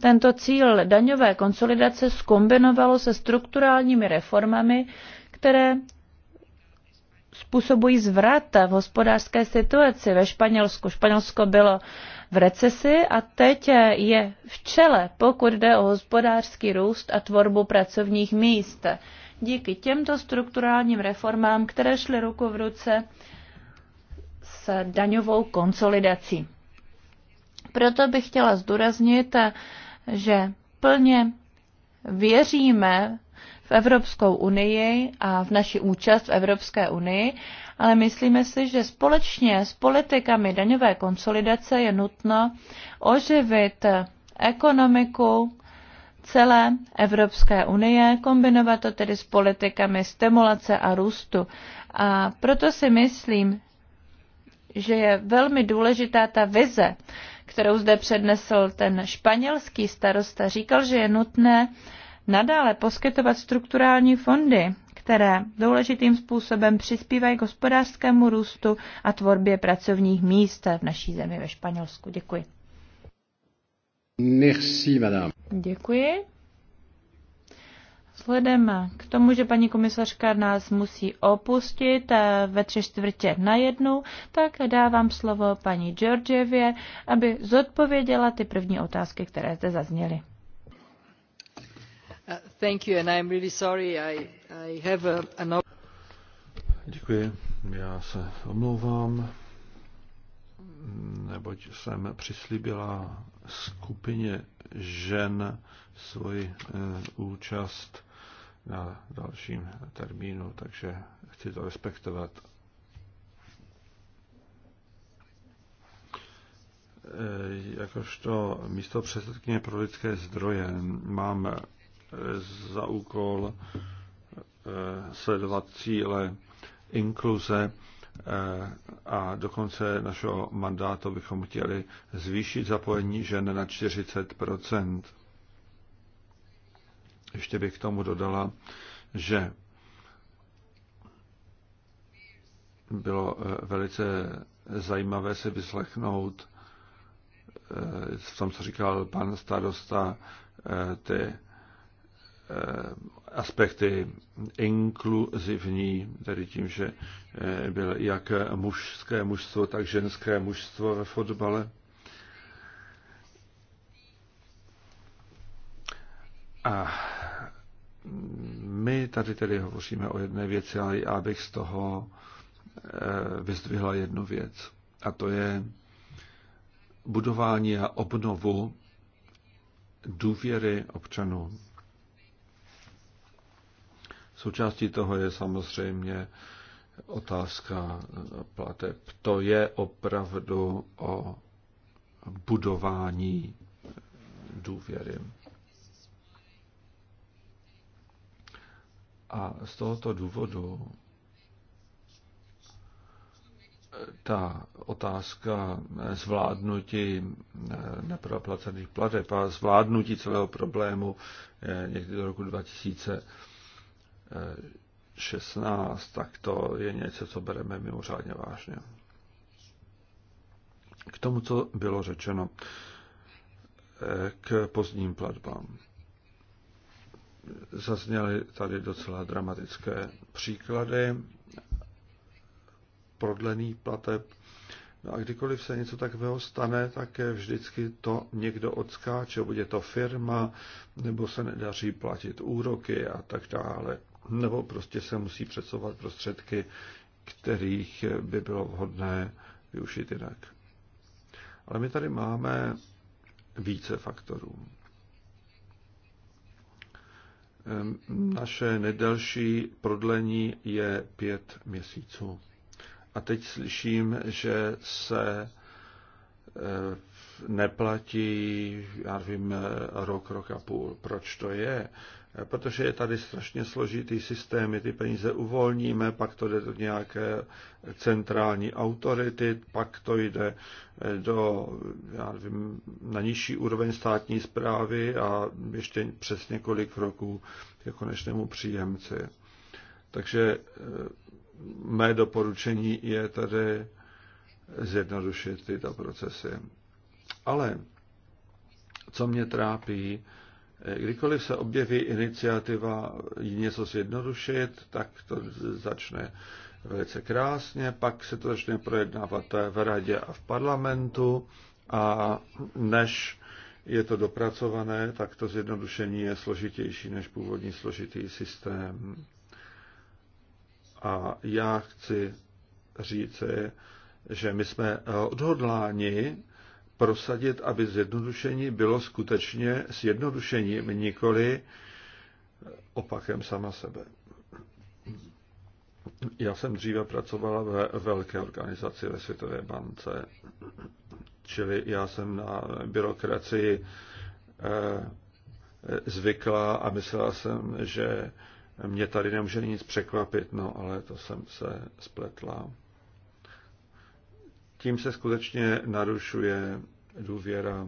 Speaker 1: tento cíl daňové konsolidace skombinovalo se strukturálními reformami, které způsobují zvrat v hospodářské situaci ve Španělsku. Španělsko bylo v recesi a teď je v čele, pokud jde o hospodářský růst a tvorbu pracovních míst. Díky těmto strukturálním reformám, které šly ruku v ruce s daňovou konsolidací. Proto bych chtěla zdůraznit, že plně věříme v Evropskou unii a v naši účast v Evropské unii, ale myslíme si, že společně s politikami daňové konsolidace je nutno oživit ekonomiku celé Evropské unie, kombinovat to tedy s politikami stimulace a růstu. A proto si myslím, že je velmi důležitá ta vize, kterou zde přednesl ten španělský starosta. Říkal, že je nutné nadále poskytovat strukturální fondy, které důležitým způsobem přispívají k hospodářskému růstu a tvorbě pracovních míst v naší zemi ve Španělsku. Děkuji.
Speaker 4: Merci, madame.
Speaker 1: Děkuji. Vzhledem k tomu, že paní komisařka nás musí opustit eh, ve tři čtvrtě na jednu, tak dávám slovo paní Georgievě, aby zodpověděla ty první otázky, které zde zazněly.
Speaker 2: Uh,
Speaker 3: já se omlouvám, neboť jsem přislíbila skupině žen svoji eh, účast na dalším termínu, takže chci to respektovat. Eh, jakožto místo předsedkyně pro lidské zdroje mám za úkol eh, sledovat cíle inkluze eh, a dokonce našeho mandátu bychom chtěli zvýšit zapojení žen na 40 Ještě bych k tomu dodala, že bylo eh, velice zajímavé se vyslechnout v tom, co říkal pan starosta, ty Eh, aspekty inkluzivní, tedy tím, že eh, byl jak mužské mužstvo, tak ženské mužstvo ve fotbale. A my tady tedy hovoříme o jedné věci, ale já bych z toho eh, vyzdvihla jednu věc. A to je budování a obnovu důvěry občanů Součástí toho je samozřejmě otázka plateb. To je opravdu o budování důvěry. A z tohoto důvodu ta otázka zvládnutí neproplacených plateb a zvládnutí celého problému eh, někdy do roku 2000 16, tak to je něco, co bereme mimořádně vážně. K tomu, co bylo řečeno, k pozdním platbám. Zazněly tady docela dramatické příklady prodlený plateb. No a kdykoliv se něco takového stane, tak vždycky to někdo odskáče, bude to firma, nebo se nedaří platit úroky a tak dále nebo prostě se musí přesouvat prostředky, kterých by bylo vhodné využít jinak. Ale my tady máme více faktorů. Ehm, naše nejdelší prodlení je pět měsíců. A teď slyším, že se ehm, neplatí, já vím, rok, rok a půl. Proč to je? protože je tady strašně složitý systém, my ty peníze uvolníme, pak to jde do nějaké centrální autority, pak to jde eh, do, já nevím, na nižší úroveň státní zprávy a ještě přes několik roků ke konečnému jako příjemci. Takže eh, mé doporučení je tady zjednodušit tyto procesy. Ale co mě trápí, Kdykoliv se objeví iniciativa něco zjednodušit, tak to začne velice krásně, pak se to začne projednávat v radě a v parlamentu a než je to dopracované, tak to zjednodušení je složitější než původní složitý systém. A já chci říci, že my jsme odhodláni prosadit, aby zjednodušení bylo skutečně zjednodušením, nikoli opakem sama sebe. Já jsem dříve pracovala ve velké organizaci ve Světové bance, čili já jsem na byrokracii eh, zvykla a myslela jsem, že mě tady nemůže nic překvapit, no ale to jsem se spletla. Tím se skutečně narušuje důvěra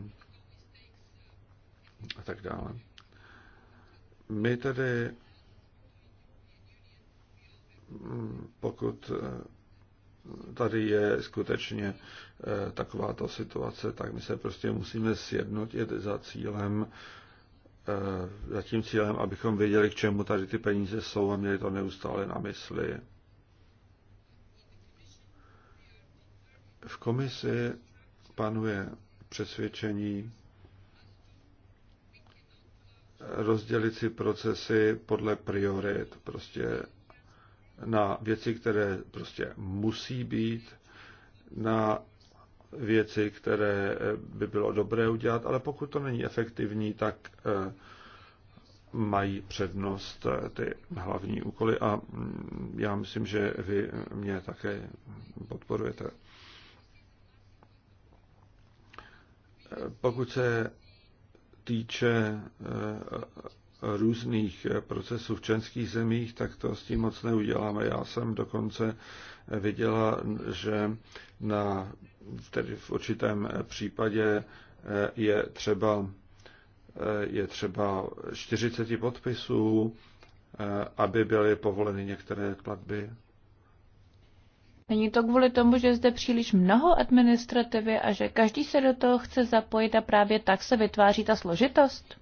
Speaker 3: a tak dále. My tedy, pokud tady je skutečně eh, takováto situace, tak my se prostě musíme sjednotit za cílem, eh, za tím cílem, abychom věděli, k čemu tady ty peníze jsou a měli to neustále na mysli. V komisi panuje přesvědčení rozdělit si procesy podle priorit, prostě na věci, které prostě musí být, na věci, které by bylo dobré udělat, ale pokud to není efektivní, tak eh, mají přednost eh, ty hlavní úkoly a mm, já myslím, že vy mě také podporujete. Pokud se týče eh, různých eh, procesů v členských zemích, tak to s tím moc neuděláme. Já jsem dokonce eh, viděla, že na, tedy v určitém případě je třeba, je třeba 40 podpisů, aby byly povoleny některé platby.
Speaker 1: Není to kvůli tomu, že zde příliš mnoho administrativy a že každý se do toho chce zapojit a právě tak se vytváří ta složitost?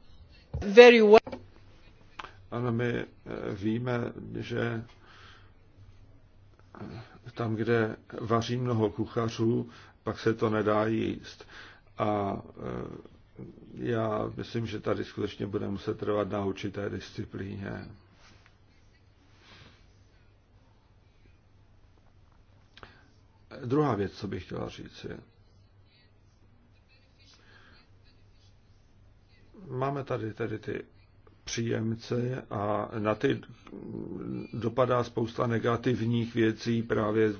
Speaker 1: Very well.
Speaker 3: Ano, my eh, víme, že eh, tam, kde vaří mnoho kuchařů, pak se to nedá jíst. A eh, já myslím, že tady skutečně bude muset trvat na určité disciplíně. druhá věc, co bych chtěla říct, je, máme tady tedy ty příjemce a na ty dopadá spousta negativních věcí právě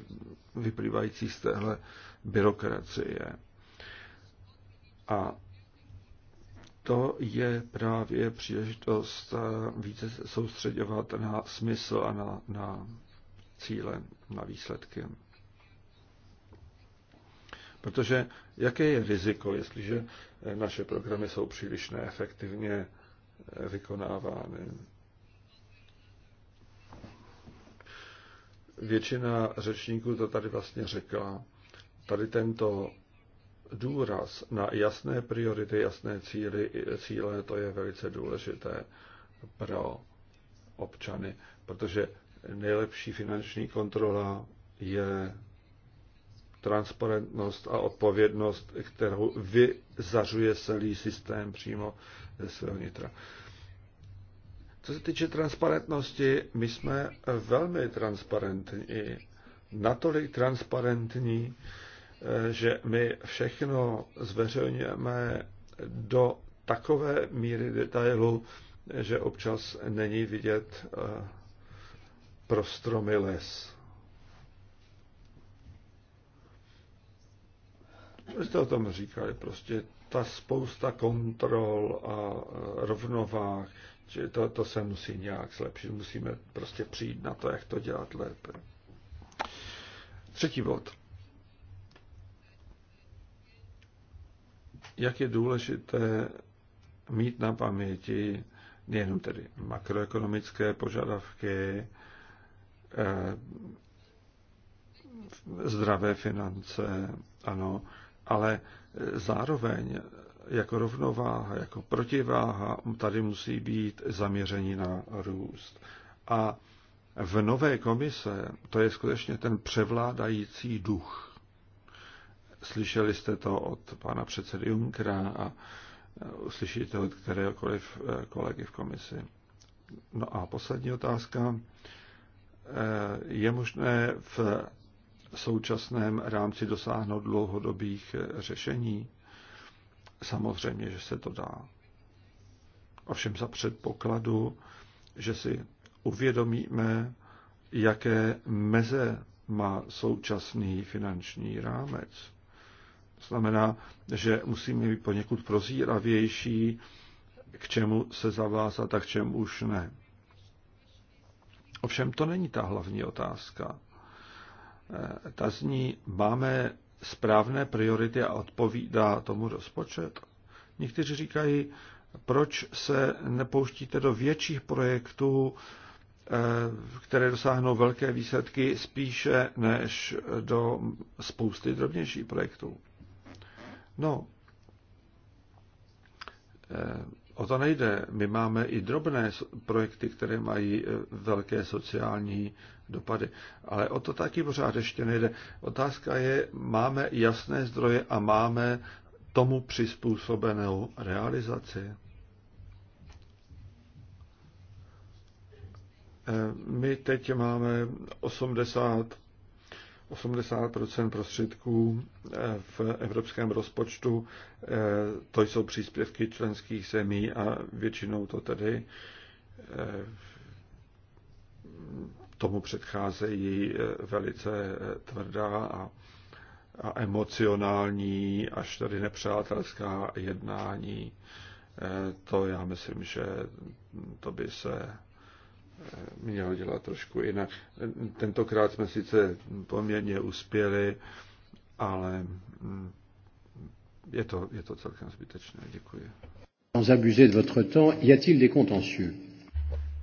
Speaker 3: vyplývajících z téhle byrokracie. A to je právě příležitost více soustředovat na smysl a na, na cíle, na výsledky. Protože jaké je riziko, jestliže eh, naše programy jsou příliš neefektivně eh, vykonávány? Většina řečníků to tady vlastně řekla. Tady tento důraz na jasné priority, jasné cíly, cíle, to je velice důležité pro občany, protože nejlepší finanční kontrola je transparentnost a odpovědnost, kterou vyzařuje celý systém přímo ze svého nitra. Co se týče transparentnosti, my jsme velmi transparentní, natolik transparentní, eh, že my všechno zveřejňujeme do takové míry detailu, že občas není vidět eh, prostromy les. jste o tom říkali, prostě ta spousta kontrol a e, rovnovách, že to, to se musí nějak zlepšit, musíme prostě přijít na to, jak to dělat lépe. Třetí bod. Jak je důležité mít na paměti nejenom tedy makroekonomické požadavky, e, zdravé finance, ano, ale e, zároveň jako rovnováha, jako protiváha tady musí být zaměření na růst. A v nové komise to je skutečně ten převládající duch. Slyšeli jste to od pana předsedy Junkera a e, uslyšíte od kteréhokoliv e, kolegy v komisi. No a poslední otázka. Je možné v současném rámci dosáhnout dlouhodobých eh, řešení? Samozřejmě, že se to dá. Ovšem za předpokladu, že si uvědomíme, jaké meze má současný finanční rámec. To znamená, že musíme být poněkud prozíravější, k čemu se zavázat a k čemu už ne. Ovšem to není ta hlavní otázka. Eh, ta zní, máme správné priority a odpovídá tomu rozpočet. Někteří říkají, proč se nepouštíte do větších projektů, eh, které dosáhnou velké výsledky spíše než do spousty drobnějších projektů. No, eh, O to nejde. My máme i drobné projekty, které mají e, velké sociální dopady. Ale o to taky pořád ještě nejde. Otázka je, máme jasné zdroje a máme tomu přizpůsobenou realizaci. E, my teď máme 80 80 prostředků eh, v evropském rozpočtu eh, to jsou příspěvky členských zemí a většinou to tedy eh, tomu předcházejí velice tvrdá a, a emocionální, až tady nepřátelská jednání. To já myslím, že to by se mělo dělat trošku jinak. Tentokrát jsme sice poměrně uspěli, ale mm, je to, je to celkem zbytečné. Děkuji.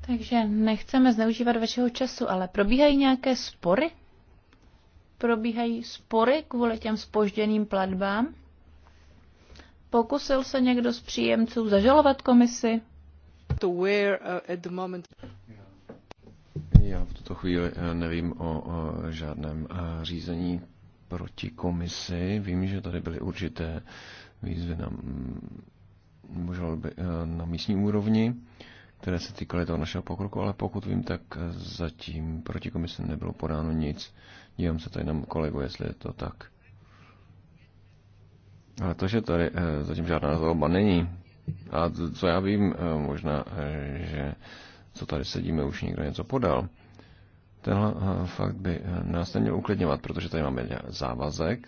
Speaker 1: Takže nechceme zneužívat vašeho času, ale probíhají nějaké spory? Probíhají spory kvůli těm spožděným platbám? Pokusil se někdo z příjemců zažalovat komisi?
Speaker 4: tuto chvíli eh, nevím o žádném eh, řízení proti komisi. Vím, že tady byly určité výzvy na, mm, možná by, eh, na místní úrovni, které se týkaly toho našeho pokroku, ale pokud vím, tak zatím proti komisi nebylo podáno nic. Dívám se tady na kolegu, jestli je to tak. Ale to, že tady zatím žádná zloba není, a co já vím, možná, že co tady sedíme, už někdo něco podal. Tenhle eh, fakt by eh, nás neměl uklidňovat, protože tady máme závazek.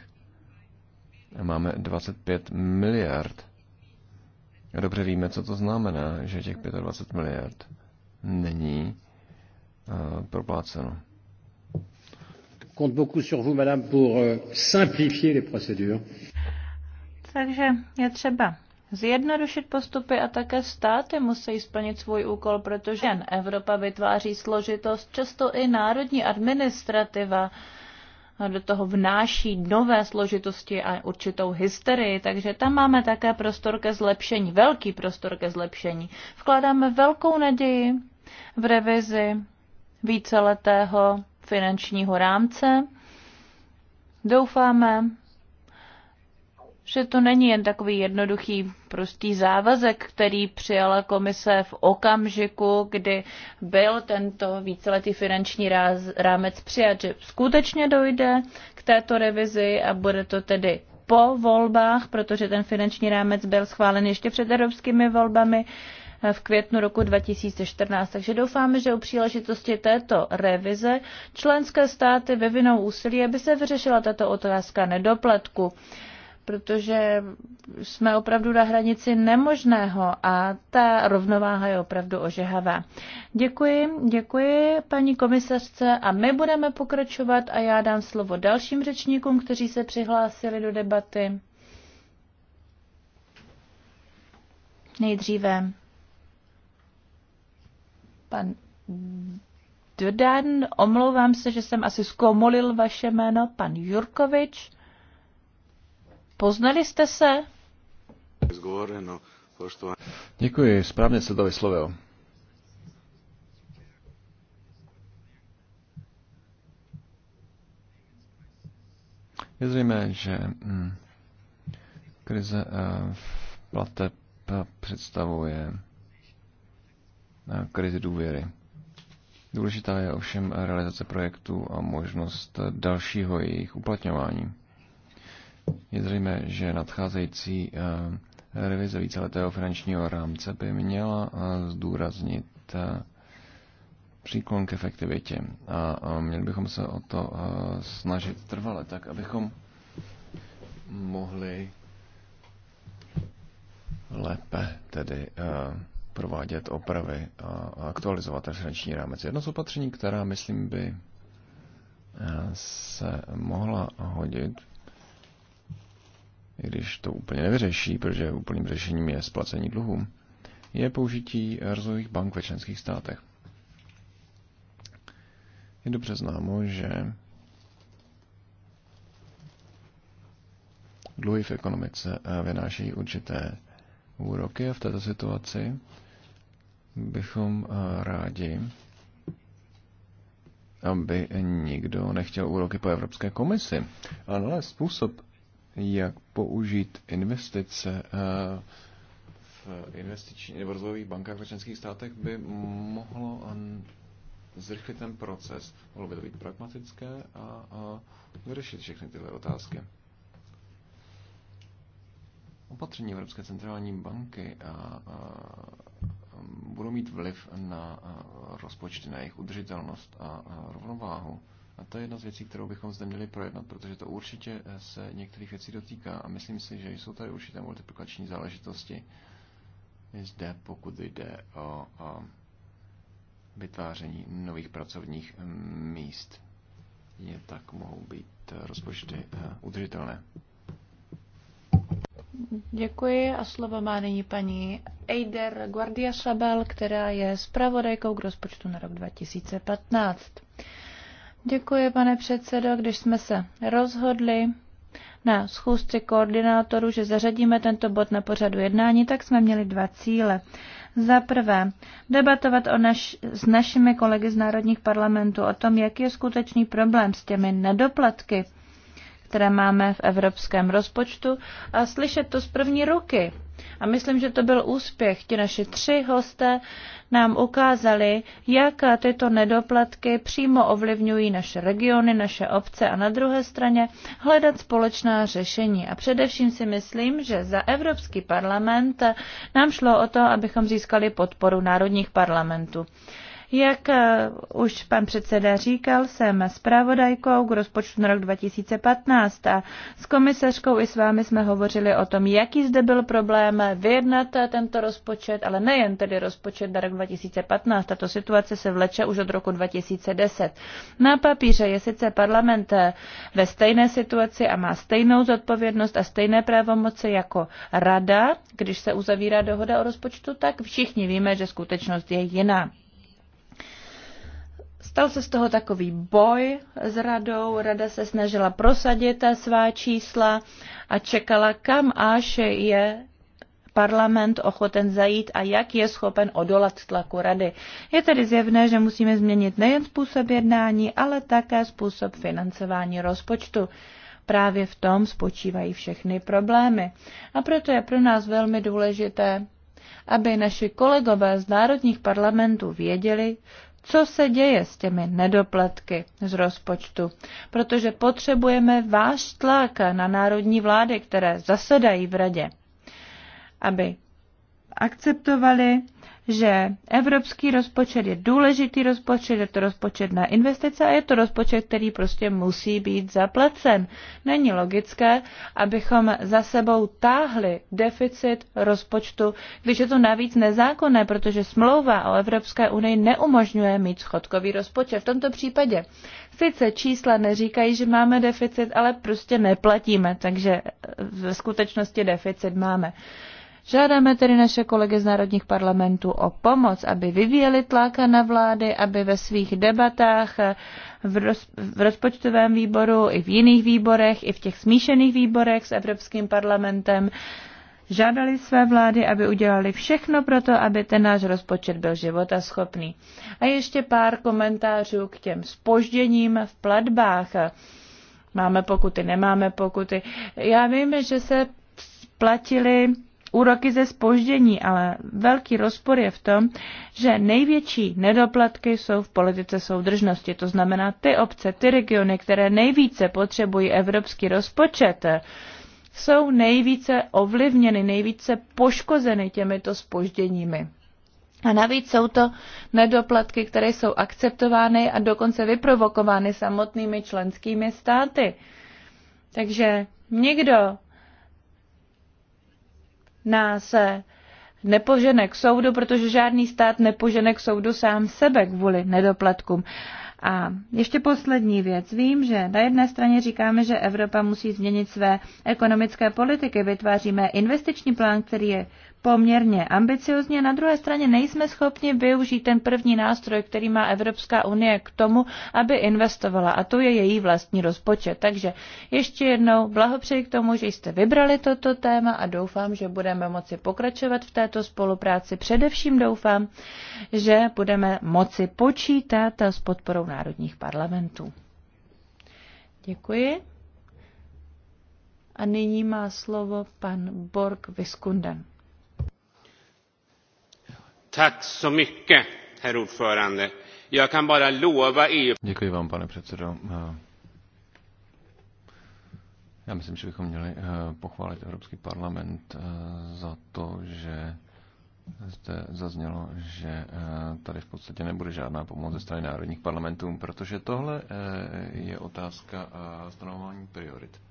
Speaker 4: Máme 25 miliard. Dobře víme, co to znamená, že těch 25 miliard není eh, propláceno. Compte beaucoup sur vous, madame, pour euh, simplifier les procédures.
Speaker 1: Takže je třeba zjednodušit postupy a také státy musí splnit svůj úkol, protože jen Evropa vytváří složitost, často i národní administrativa do toho vnáší nové složitosti a určitou hysterii, takže tam máme také prostor ke zlepšení, velký prostor ke zlepšení. Vkládáme velkou naději v revizi víceletého finančního rámce. Doufáme, že to není jen takový jednoduchý prostý závazek, který přijala komise v okamžiku, kdy byl tento víceletý finanční rámec přijat, že skutečně dojde k této revizi a bude to tedy po volbách, protože ten finanční rámec byl schválen ještě před evropskými volbami eh, v květnu roku 2014. Takže doufáme, že u příležitosti této revize členské státy vyvinou úsilí, aby se vyřešila tato otázka nedoplatku protože jsme opravdu na hranici nemožného a ta rovnováha je opravdu ožehavá. Děkuji, děkuji paní komisařce a my budeme pokračovat a já dám slovo dalším řečníkům, kteří se přihlásili do debaty. Nejdříve pan Dodan, omlouvám se, že jsem asi zkomolil vaše jméno, pan Jurkovič. Poznali jste se?
Speaker 4: Děkuji, správně se to vyslovil. Je zřejmé, že mm, krize eh, v plateb eh, představuje eh, krizi důvěry. Důležitá je ovšem realizace projektů a možnost dalšího jejich uplatňování. Je zřejmé, že nadcházející eh, revize víceletého finančního rámce by měla eh, zdůraznit eh, příklon k efektivitě. A měli bychom se o to snažit trvale, tak abychom mohli lépe tedy provádět opravy a aktualizovat ten finanční rámec. Jedno z opatření, která, myslím, by se mohla hodit i když to úplně nevyřeší, protože úplným řešením je splacení dluhů, je použití rozvojových bank ve členských státech. Je dobře známo, že dluhy v ekonomice vynášejí určité úroky a v této situaci bychom eh, rádi, aby nikdo nechtěl úroky po Evropské komisi. Ano, ale způsob, jak použít investice eh, v investiční nebo rozvojových bankách ve členských státech, by mohlo eh, zrychlit ten proces. Mohlo by to být pragmatické a, vyřešit všechny tyhle otázky. Opatření Evropské centrální banky a, eh, a budou mít vliv na rozpočty, na jejich udržitelnost a rovnováhu. A to je jedna z věcí, kterou bychom zde měli projednat, protože to určitě eh, se některých věcí dotýká a myslím si, že jsou tady určité multiplikační záležitosti zde, pokud jde o, o vytváření nových pracovních eh, míst. Je tak mohou být eh, rozpočty udržitelné.
Speaker 1: Děkuji a slovo má nyní paní Eider Guardia Sabel, která je zpravodajkou k rozpočtu na rok 2015. Děkuji, pane předsedo. Když jsme se rozhodli na schůzce koordinátorů, že zařadíme tento bod na pořadu jednání, tak jsme měli dva cíle. Za prvé, debatovat o naš, s našimi kolegy z národních parlamentů o tom, jaký je skutečný problém s těmi nedoplatky, které máme v evropském rozpočtu a slyšet to z první ruky a myslím, že to byl úspěch. Ti naši tři hosté nám ukázali, jak tyto nedoplatky přímo ovlivňují naše regiony, naše obce a na druhé straně hledat společná řešení. A především si myslím, že za Evropský parlament nám šlo o to, abychom získali podporu národních parlamentů. Jak eh, už pan předseda říkal, jsem zpravodajkou k rozpočtu na rok 2015 a s komisařkou i s vámi jsme hovořili o tom, jaký zde byl problém vyjednat tento rozpočet, ale nejen tedy rozpočet na rok 2015. Tato situace se vleče už od roku 2010. Na papíře je sice parlament eh, ve stejné situaci a má stejnou zodpovědnost a stejné právomoci jako rada, když se uzavírá dohoda o rozpočtu, tak všichni víme, že skutečnost je jiná. Stal se z toho takový boj s radou, rada se snažila prosadit svá čísla a čekala, kam až je parlament ochoten zajít a jak je schopen odolat tlaku rady. Je tedy zjevné, že musíme změnit nejen způsob jednání, ale také způsob financování rozpočtu. Právě v tom spočívají všechny problémy. A proto je pro nás velmi důležité, aby naši kolegové z národních parlamentů věděli, co se děje s těmi nedoplatky z rozpočtu, protože potřebujeme váš tlak na národní vlády, které zasedají v radě, aby akceptovali že evropský rozpočet je důležitý rozpočet, je to rozpočet na investice a je to rozpočet, který prostě musí být zaplacen. Není logické, abychom za sebou táhli deficit rozpočtu, když je to navíc nezákonné, protože smlouva o Evropské unii neumožňuje mít schodkový rozpočet. V tomto případě sice čísla neříkají, že máme deficit, ale prostě neplatíme, takže ve skutečnosti deficit máme. Žádáme tedy naše kolegy z národních parlamentů o pomoc, aby vyvíjeli tlak na vlády, aby ve svých debatách eh, v, roz, v rozpočtovém výboru i v jiných výborech, i v těch smíšených výborech s Evropským parlamentem žádali své vlády, aby udělali všechno pro to, aby ten náš rozpočet byl životaschopný. A ještě pár komentářů k těm spožděním v platbách. Máme pokuty, nemáme pokuty. Já vím, že se platili úroky ze spoždění, ale velký rozpor je v tom, že největší nedoplatky jsou v politice soudržnosti. To znamená, ty obce, ty regiony, které nejvíce potřebují evropský rozpočet, jsou nejvíce ovlivněny, nejvíce poškozeny těmito spožděními. A navíc jsou to nedoplatky, které jsou akceptovány a dokonce vyprovokovány samotnými členskými státy. Takže nikdo nás eh, nepožene k soudu, protože žádný stát nepožene k soudu sám sebe kvůli nedoplatkům. A ještě poslední věc. Vím, že na jedné straně říkáme, že Evropa musí změnit své ekonomické politiky. Vytváříme investiční plán, který je poměrně ambiciozně. Na druhé straně nejsme schopni využít ten první nástroj, který má Evropská unie k tomu, aby investovala a to je její vlastní rozpočet. Takže ještě jednou blahopřeji k tomu, že jste vybrali toto téma a doufám, že budeme moci pokračovat v této spolupráci. Především doufám, že budeme moci počítat s podporou národních parlamentů. Děkuji. A nyní má slovo pan Borg Viskunden.
Speaker 5: Er-
Speaker 4: Děkuji vám, pane předsedo. Eh, já myslím, že bychom měli eh, pochválit Evropský parlament eh, za to, že zde zaznělo, že tady v podstatě nebude žádná pomoc ze strany národních parlamentů, protože tohle je otázka stanovování priorit.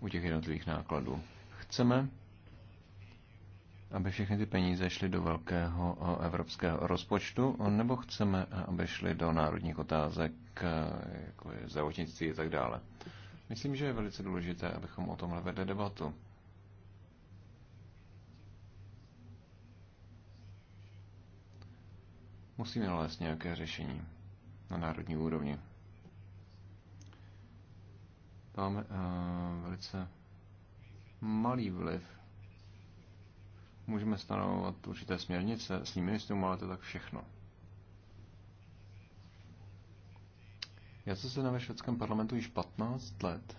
Speaker 4: U těch jednotlivých nákladů. Chceme aby všechny ty peníze šly do velkého evropského rozpočtu, nebo chceme, aby šly do národních otázek, jako je zdravotnictví a tak dále. Myslím, že je velice důležité, abychom o tomhle vedli debatu. Musíme nalézt nějaké řešení na národní úrovni. Máme uh, velice malý vliv můžeme stanovovat určité směrnice, s nimi jistým, ale to je tak všechno. Já jsem se na ve švédském parlamentu již 15 let.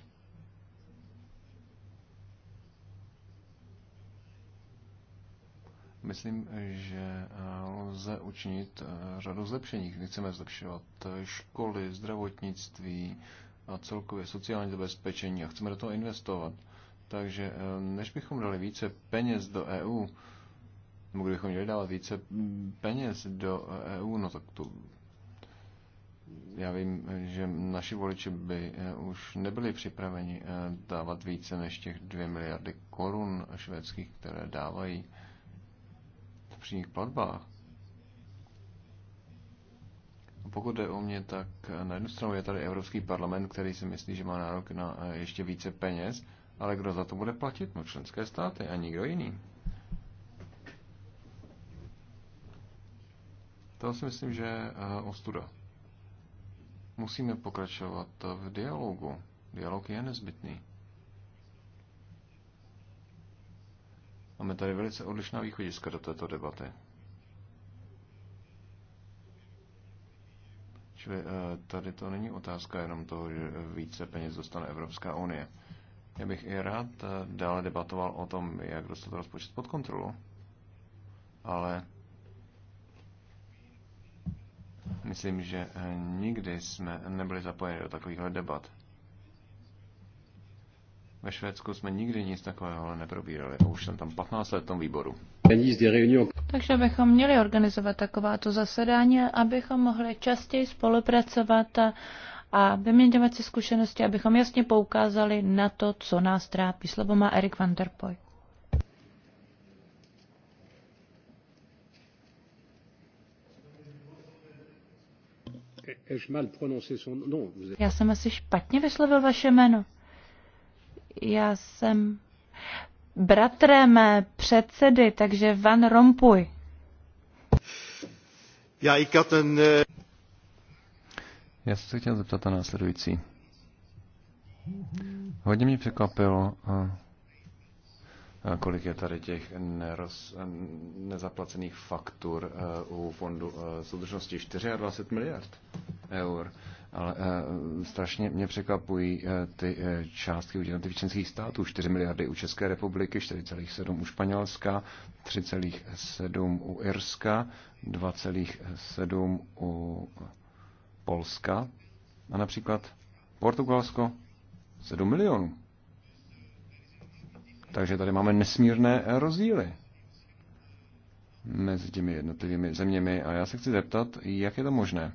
Speaker 4: Myslím, že eh, lze učinit eh, řadu zlepšení. Chceme zlepšovat eh, školy, zdravotnictví a celkově sociální zabezpečení a chceme do toho investovat. Takže eh, než bychom dali více peněz do EU, nebo kdybychom měli dávat více peněz do EU, eh, e no tak to já vím, že naši voliči by eh, už nebyli připraveni dávat více než těch 2 miliardy korun švédských, které dávají v přímých platbách. Pokud jde o mě, tak na jednu stranu je tady Evropský parlament, který si myslí, že má nárok na ještě více peněz, ale kdo za to bude platit? No členské státy a nikdo jiný. To si myslím, že je eh, ostuda. Musíme pokračovat v dialogu. Dialog je nezbytný. Máme tady velice odlišná východiska do této debaty. Čili eh, tady to není otázka jenom toho, že více peněz dostane Evropská unie. Já bych i rád eh, dále debatoval o tom, jak dostat rozpočet pod kontrolu, ale myslím, že eh, nikdy jsme nebyli zapojeni do takovýchhle debat. Ve Švédsku jsme nikdy nic takového neprobírali. Už jsem tam 15 let v tom výboru.
Speaker 1: Takže bychom měli organizovat takováto zasedání, abychom mohli častěji spolupracovat a a vyměňovat si zkušenosti, abychom jasně poukázali na to, co nás trápí. Slovo má Erik van der Poy. Já jsem asi špatně vyslovil vaše jméno. Já jsem bratrem předsedy, takže Van Rompuy.
Speaker 3: Já, ik ten... Uh... Eh,
Speaker 4: já jsem se chtěl zeptat na následující. Hodně mě překvapilo, kolik je tady těch neroz, nezaplacených faktur e, u fondu e, soudržnosti 24 miliard eur. Ale e, strašně mě překvapují ty částky u těch členských států. 4 miliardy u České republiky, 4,7 u Španělska, 3,7 u Irska, 2,7 u Polska a například Portugalsko 7 milionů. Takže tady máme nesmírné rozdíly mezi těmi jednotlivými zeměmi a já se chci zeptat, jak je to možné.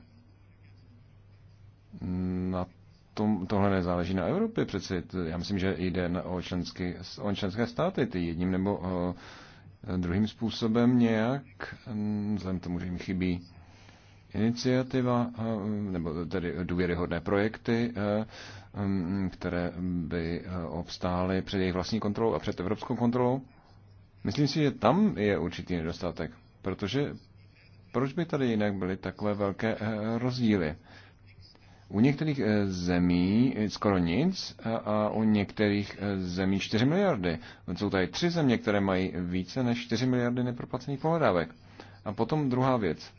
Speaker 4: Na tom, tohle nezáleží na Evropě přeci. Já myslím, že jde na, o, členský, o členské státy, ty jedním nebo o, eh, druhým způsobem nějak, hm, vzhledem tomu, že jim chybí iniciativa, eh, nebo tedy důvěryhodné projekty, eh, mm, které by eh, obstály před jejich vlastní kontrolou a před evropskou kontrolou. Myslím si, že tam je určitý nedostatek, protože proč by tady jinak byly takové velké rozdíly? U některých zemí skoro nic a u některých zemí 4 miliardy. Jsou tady tři země, které mají více než 4 miliardy neproplacených pohledávek. A potom druhá věc.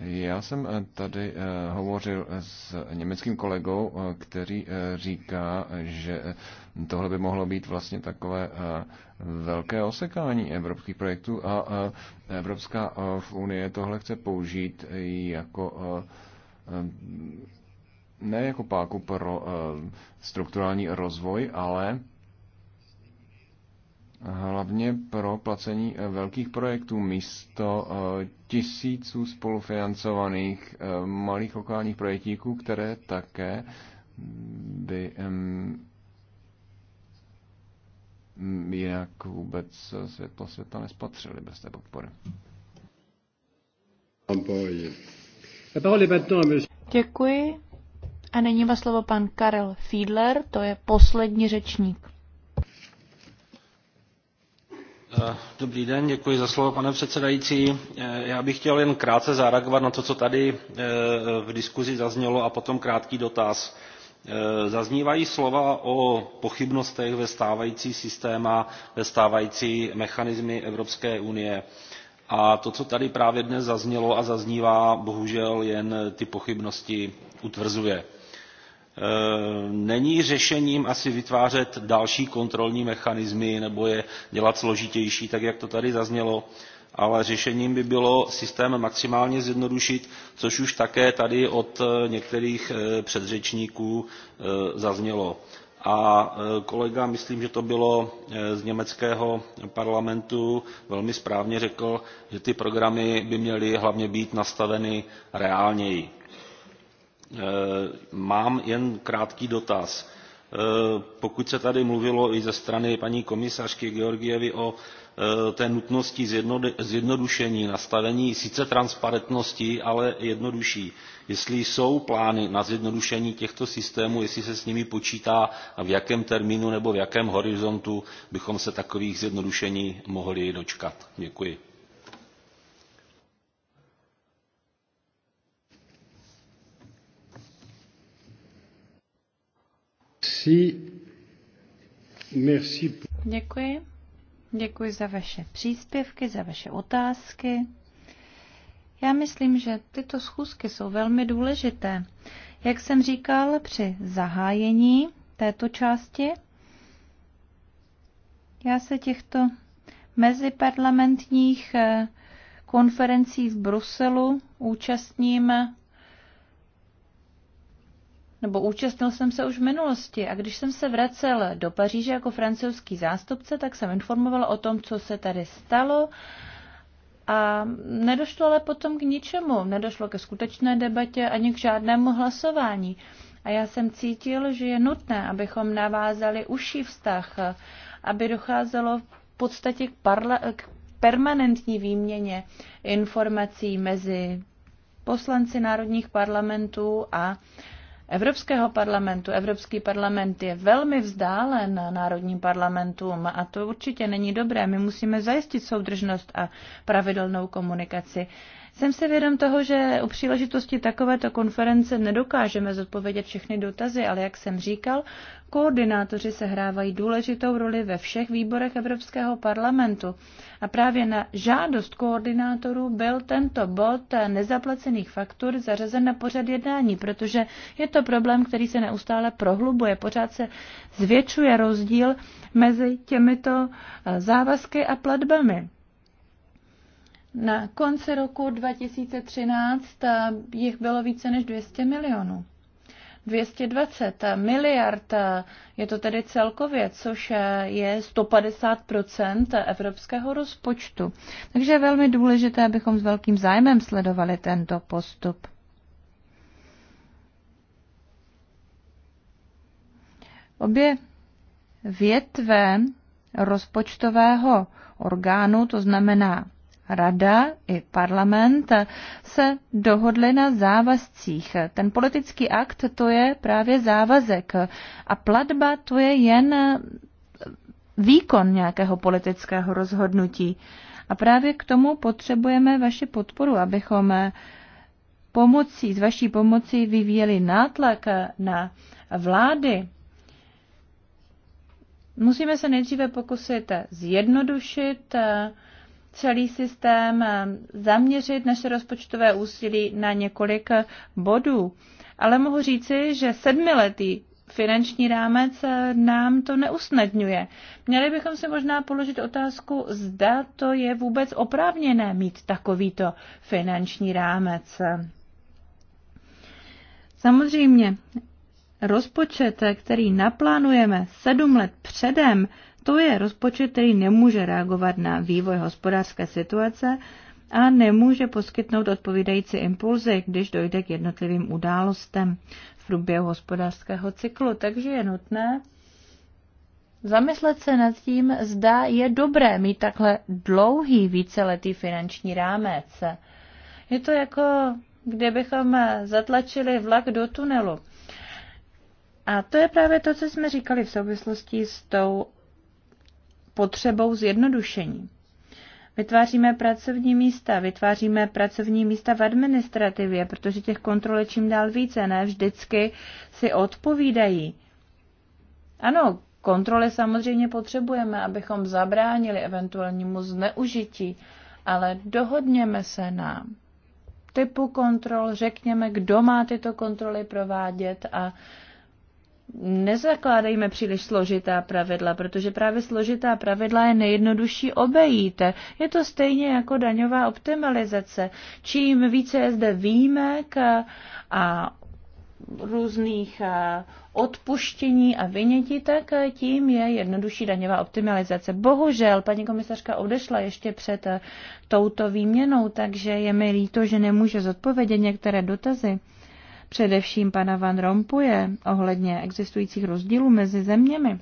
Speaker 4: Já jsem eh, tady eh, hovořil s německým kolegou, eh, který říká, že tohle by mohlo být vlastně takové velké osekání evropských projektů a Evropská unie tohle chce použít jako ne jako páku pro strukturální rozvoj, ale hlavně pro placení eh, velkých projektů místo eh, tisíců spolufinancovaných eh, malých lokálních projektíků, které také by jinak vůbec světlo světa nespatřili bez té podpory.
Speaker 1: Děkuji. A nyní má slovo pan Karel Fiedler, to je poslední řečník.
Speaker 5: Eh, dobrý den, děkuji za slovo, pane předsedající. Eh, já bych chtěl jen krátce zareagovat na to, co tady eh, v diskuzi zaznělo a potom krátký dotaz. Zaznívají slova o pochybnostech ve stávající systéma, ve stávající mechanizmy Evropské unie. A to, co tady právě dnes zaznělo a zaznívá, bohužel jen ty pochybnosti utvrzuje Eh, není řešením asi vytvářet další kontrolní mechanismy nebo je dělat složitější, tak jak to tady zaznělo, ale řešením by bylo systém maximálně zjednodušit, což už také tady od eh, některých eh, předřečníků zaznělo. A kolega, myslím, že to bylo z německého parlamentu, velmi správně řekl, že ty programy by měly hlavně být nastaveny reálněji Eh, mám jen krátký dotaz. Eh, pokud se tady mluvilo i ze strany paní komisařky Georgievy o eh, té nutnosti zjednodušení, nastavení sice transparentnosti, ale jednodušší. Jestli jsou plány na zjednodušení těchto systémů, jestli se s nimi počítá a v jakém termínu nebo v jakém horizontu bychom se takových zjednodušení mohli dočkat. Děkuji.
Speaker 4: Merci. Merci.
Speaker 1: Děkuji. Děkuji za vaše příspěvky, za vaše otázky. Já myslím, že tyto schůzky jsou velmi důležité. Jak jsem říkal při zahájení této části, já se těchto meziparlamentních eh, konferencí v Bruselu účastním nebo účastnil jsem se už v minulosti a když jsem se vracel do Paříže jako francouzský zástupce, tak jsem informoval o tom, co se tady stalo a nedošlo ale potom k ničemu. Nedošlo ke skutečné debatě ani k žádnému hlasování. A já jsem cítil, že je nutné, abychom navázali užší vztah, aby docházelo v podstatě k, parla- k permanentní výměně informací mezi poslanci národních parlamentů a Evropského parlamentu. Evropský parlament je velmi vzdálen národním parlamentům a to určitě není dobré. My musíme zajistit soudržnost a pravidelnou komunikaci. Jsem si vědom toho, že u příležitosti takovéto konference nedokážeme zodpovědět všechny dotazy, ale jak jsem říkal, koordinátoři hrávají důležitou roli ve všech výborech Evropského parlamentu. A právě na žádost koordinátorů byl tento bod nezaplacených faktur zařazen na pořad jednání, protože je to problém, který se neustále prohlubuje. Pořád se zvětšuje rozdíl mezi těmito eh, závazky a platbami. Na konci roku 2013 eh, jich bylo více než 200 milionů. 220 miliard eh, je to tedy celkově, což eh, je 150 evropského rozpočtu. Takže je velmi důležité, abychom s velkým zájmem sledovali tento postup. Obě větve rozpočtového orgánu, to znamená rada i parlament se dohodli na závazcích. Ten politický akt to je právě závazek a platba to je jen výkon nějakého politického rozhodnutí. A právě k tomu potřebujeme vaši podporu, abychom pomocí, s vaší pomocí vyvíjeli nátlak na vlády. Musíme se nejdříve pokusit zjednodušit celý systém, eh, zaměřit naše rozpočtové úsilí na několik eh, bodů. Ale mohu říci, že sedmiletý finanční rámec eh, nám to neusnadňuje. Měli bychom si možná položit otázku, zda to je vůbec oprávněné mít takovýto finanční rámec. Samozřejmě, rozpočet, který naplánujeme sedm let předem, to je rozpočet, který nemůže reagovat na vývoj hospodářské situace a nemůže poskytnout odpovídající impulzy, když dojde k jednotlivým událostem v průběhu hospodářského cyklu. Takže je nutné zamyslet se nad tím, zda je dobré mít takhle dlouhý víceletý finanční rámec. Je to jako, kdybychom zatlačili vlak do tunelu. A to je právě to, co jsme říkali v souvislosti s tou potřebou zjednodušení. Vytváříme pracovní místa, vytváříme pracovní místa v administrativě, protože těch kontrole čím dál více, ne vždycky si odpovídají. Ano, kontroly samozřejmě potřebujeme, abychom zabránili eventuálnímu zneužití, ale dohodněme se na typu kontrol, řekněme, kdo má tyto kontroly provádět a nezakládejme příliš složitá pravidla, protože právě složitá pravidla je nejjednodušší obejít. Je to stejně jako daňová optimalizace. Čím více je zde výjimek a různých odpuštění a vynětí, tak tím je jednodušší daňová optimalizace. Bohužel paní komisařka odešla ještě před touto výměnou, takže je mi líto, že nemůže zodpovědět některé dotazy především pana Van Rompuje ohledně existujících rozdílů mezi zeměmi.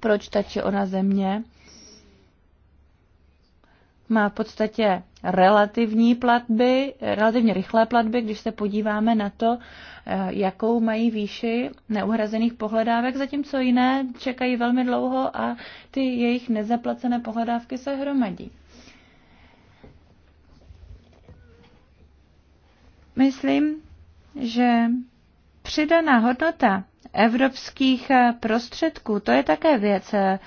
Speaker 1: Proč ta či ona země má v podstatě relativní platby, relativně rychlé platby, když se podíváme na to, eh, jakou mají výši neuhrazených pohledávek, zatímco jiné čekají velmi dlouho a ty jejich nezaplacené pohledávky se hromadí. Myslím, že přidaná hodnota evropských eh, prostředků, to je také věc, eh,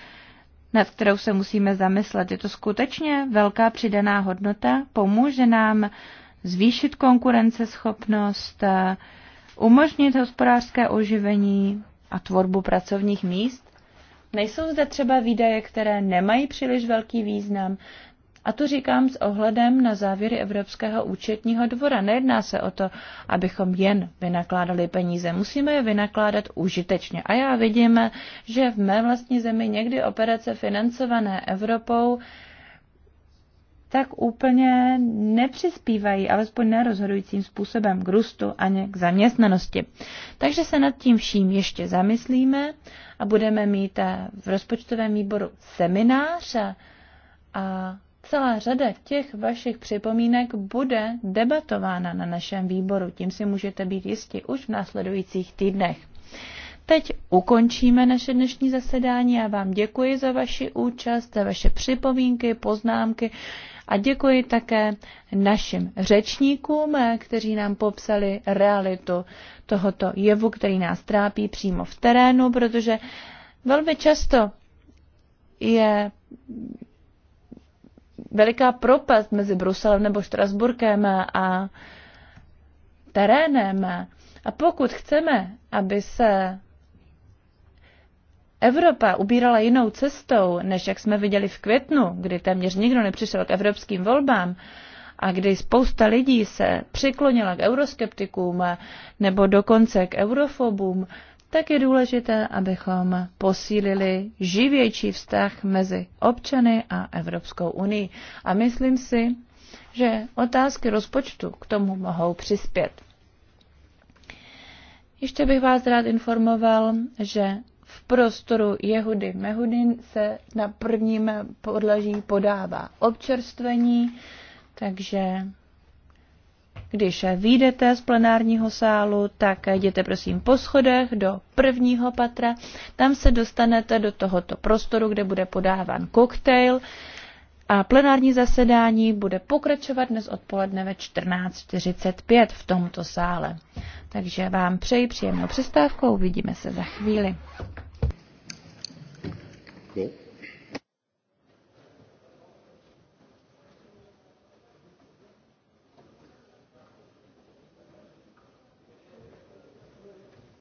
Speaker 1: nad kterou se musíme zamyslet. Je to skutečně velká přidaná hodnota? Pomůže nám zvýšit konkurenceschopnost, eh, umožnit hospodářské oživení a tvorbu pracovních míst? Nejsou zde třeba výdaje, které nemají příliš velký význam? A to říkám s ohledem na závěry Evropského účetního dvora. Nejedná se o to, abychom jen vynakládali peníze. Musíme je vynakládat užitečně. A já vidím, že v mé vlastní zemi někdy operace financované Evropou tak úplně nepřispívají, alespoň nerozhodujícím způsobem k růstu ani k zaměstnanosti. Takže se nad tím vším ještě zamyslíme a budeme mít v rozpočtovém výboru seminář a Celá řada těch vašich připomínek bude debatována na našem výboru, tím si můžete být jisti už v následujících týdnech. Teď ukončíme naše dnešní zasedání a vám děkuji za vaši účast, za vaše připomínky, poznámky a děkuji také našim řečníkům, kteří nám popsali realitu tohoto jevu, který nás trápí přímo v terénu, protože velmi často je veliká propast mezi Bruselem nebo Štrasburkem a terénem. A pokud chceme, aby se Evropa ubírala jinou cestou, než jak jsme viděli v květnu, kdy téměř nikdo nepřišel k evropským volbám a kdy spousta lidí se přiklonila k euroskeptikům nebo dokonce k eurofobům, tak je důležité, abychom posílili živější vztah mezi občany a Evropskou unii. A myslím si, že otázky rozpočtu k tomu mohou přispět. Ještě bych vás rád informoval, že v prostoru Jehudy Mehudin se na prvním podlaží podává občerstvení, takže když výjdete z plenárního sálu, tak jděte prosím po schodech do prvního patra. Tam se dostanete do tohoto prostoru, kde bude podáván koktejl. A plenární zasedání bude pokračovat dnes odpoledne ve 14.45 v tomto sále. Takže vám přeji příjemnou přestávku, uvidíme se za chvíli.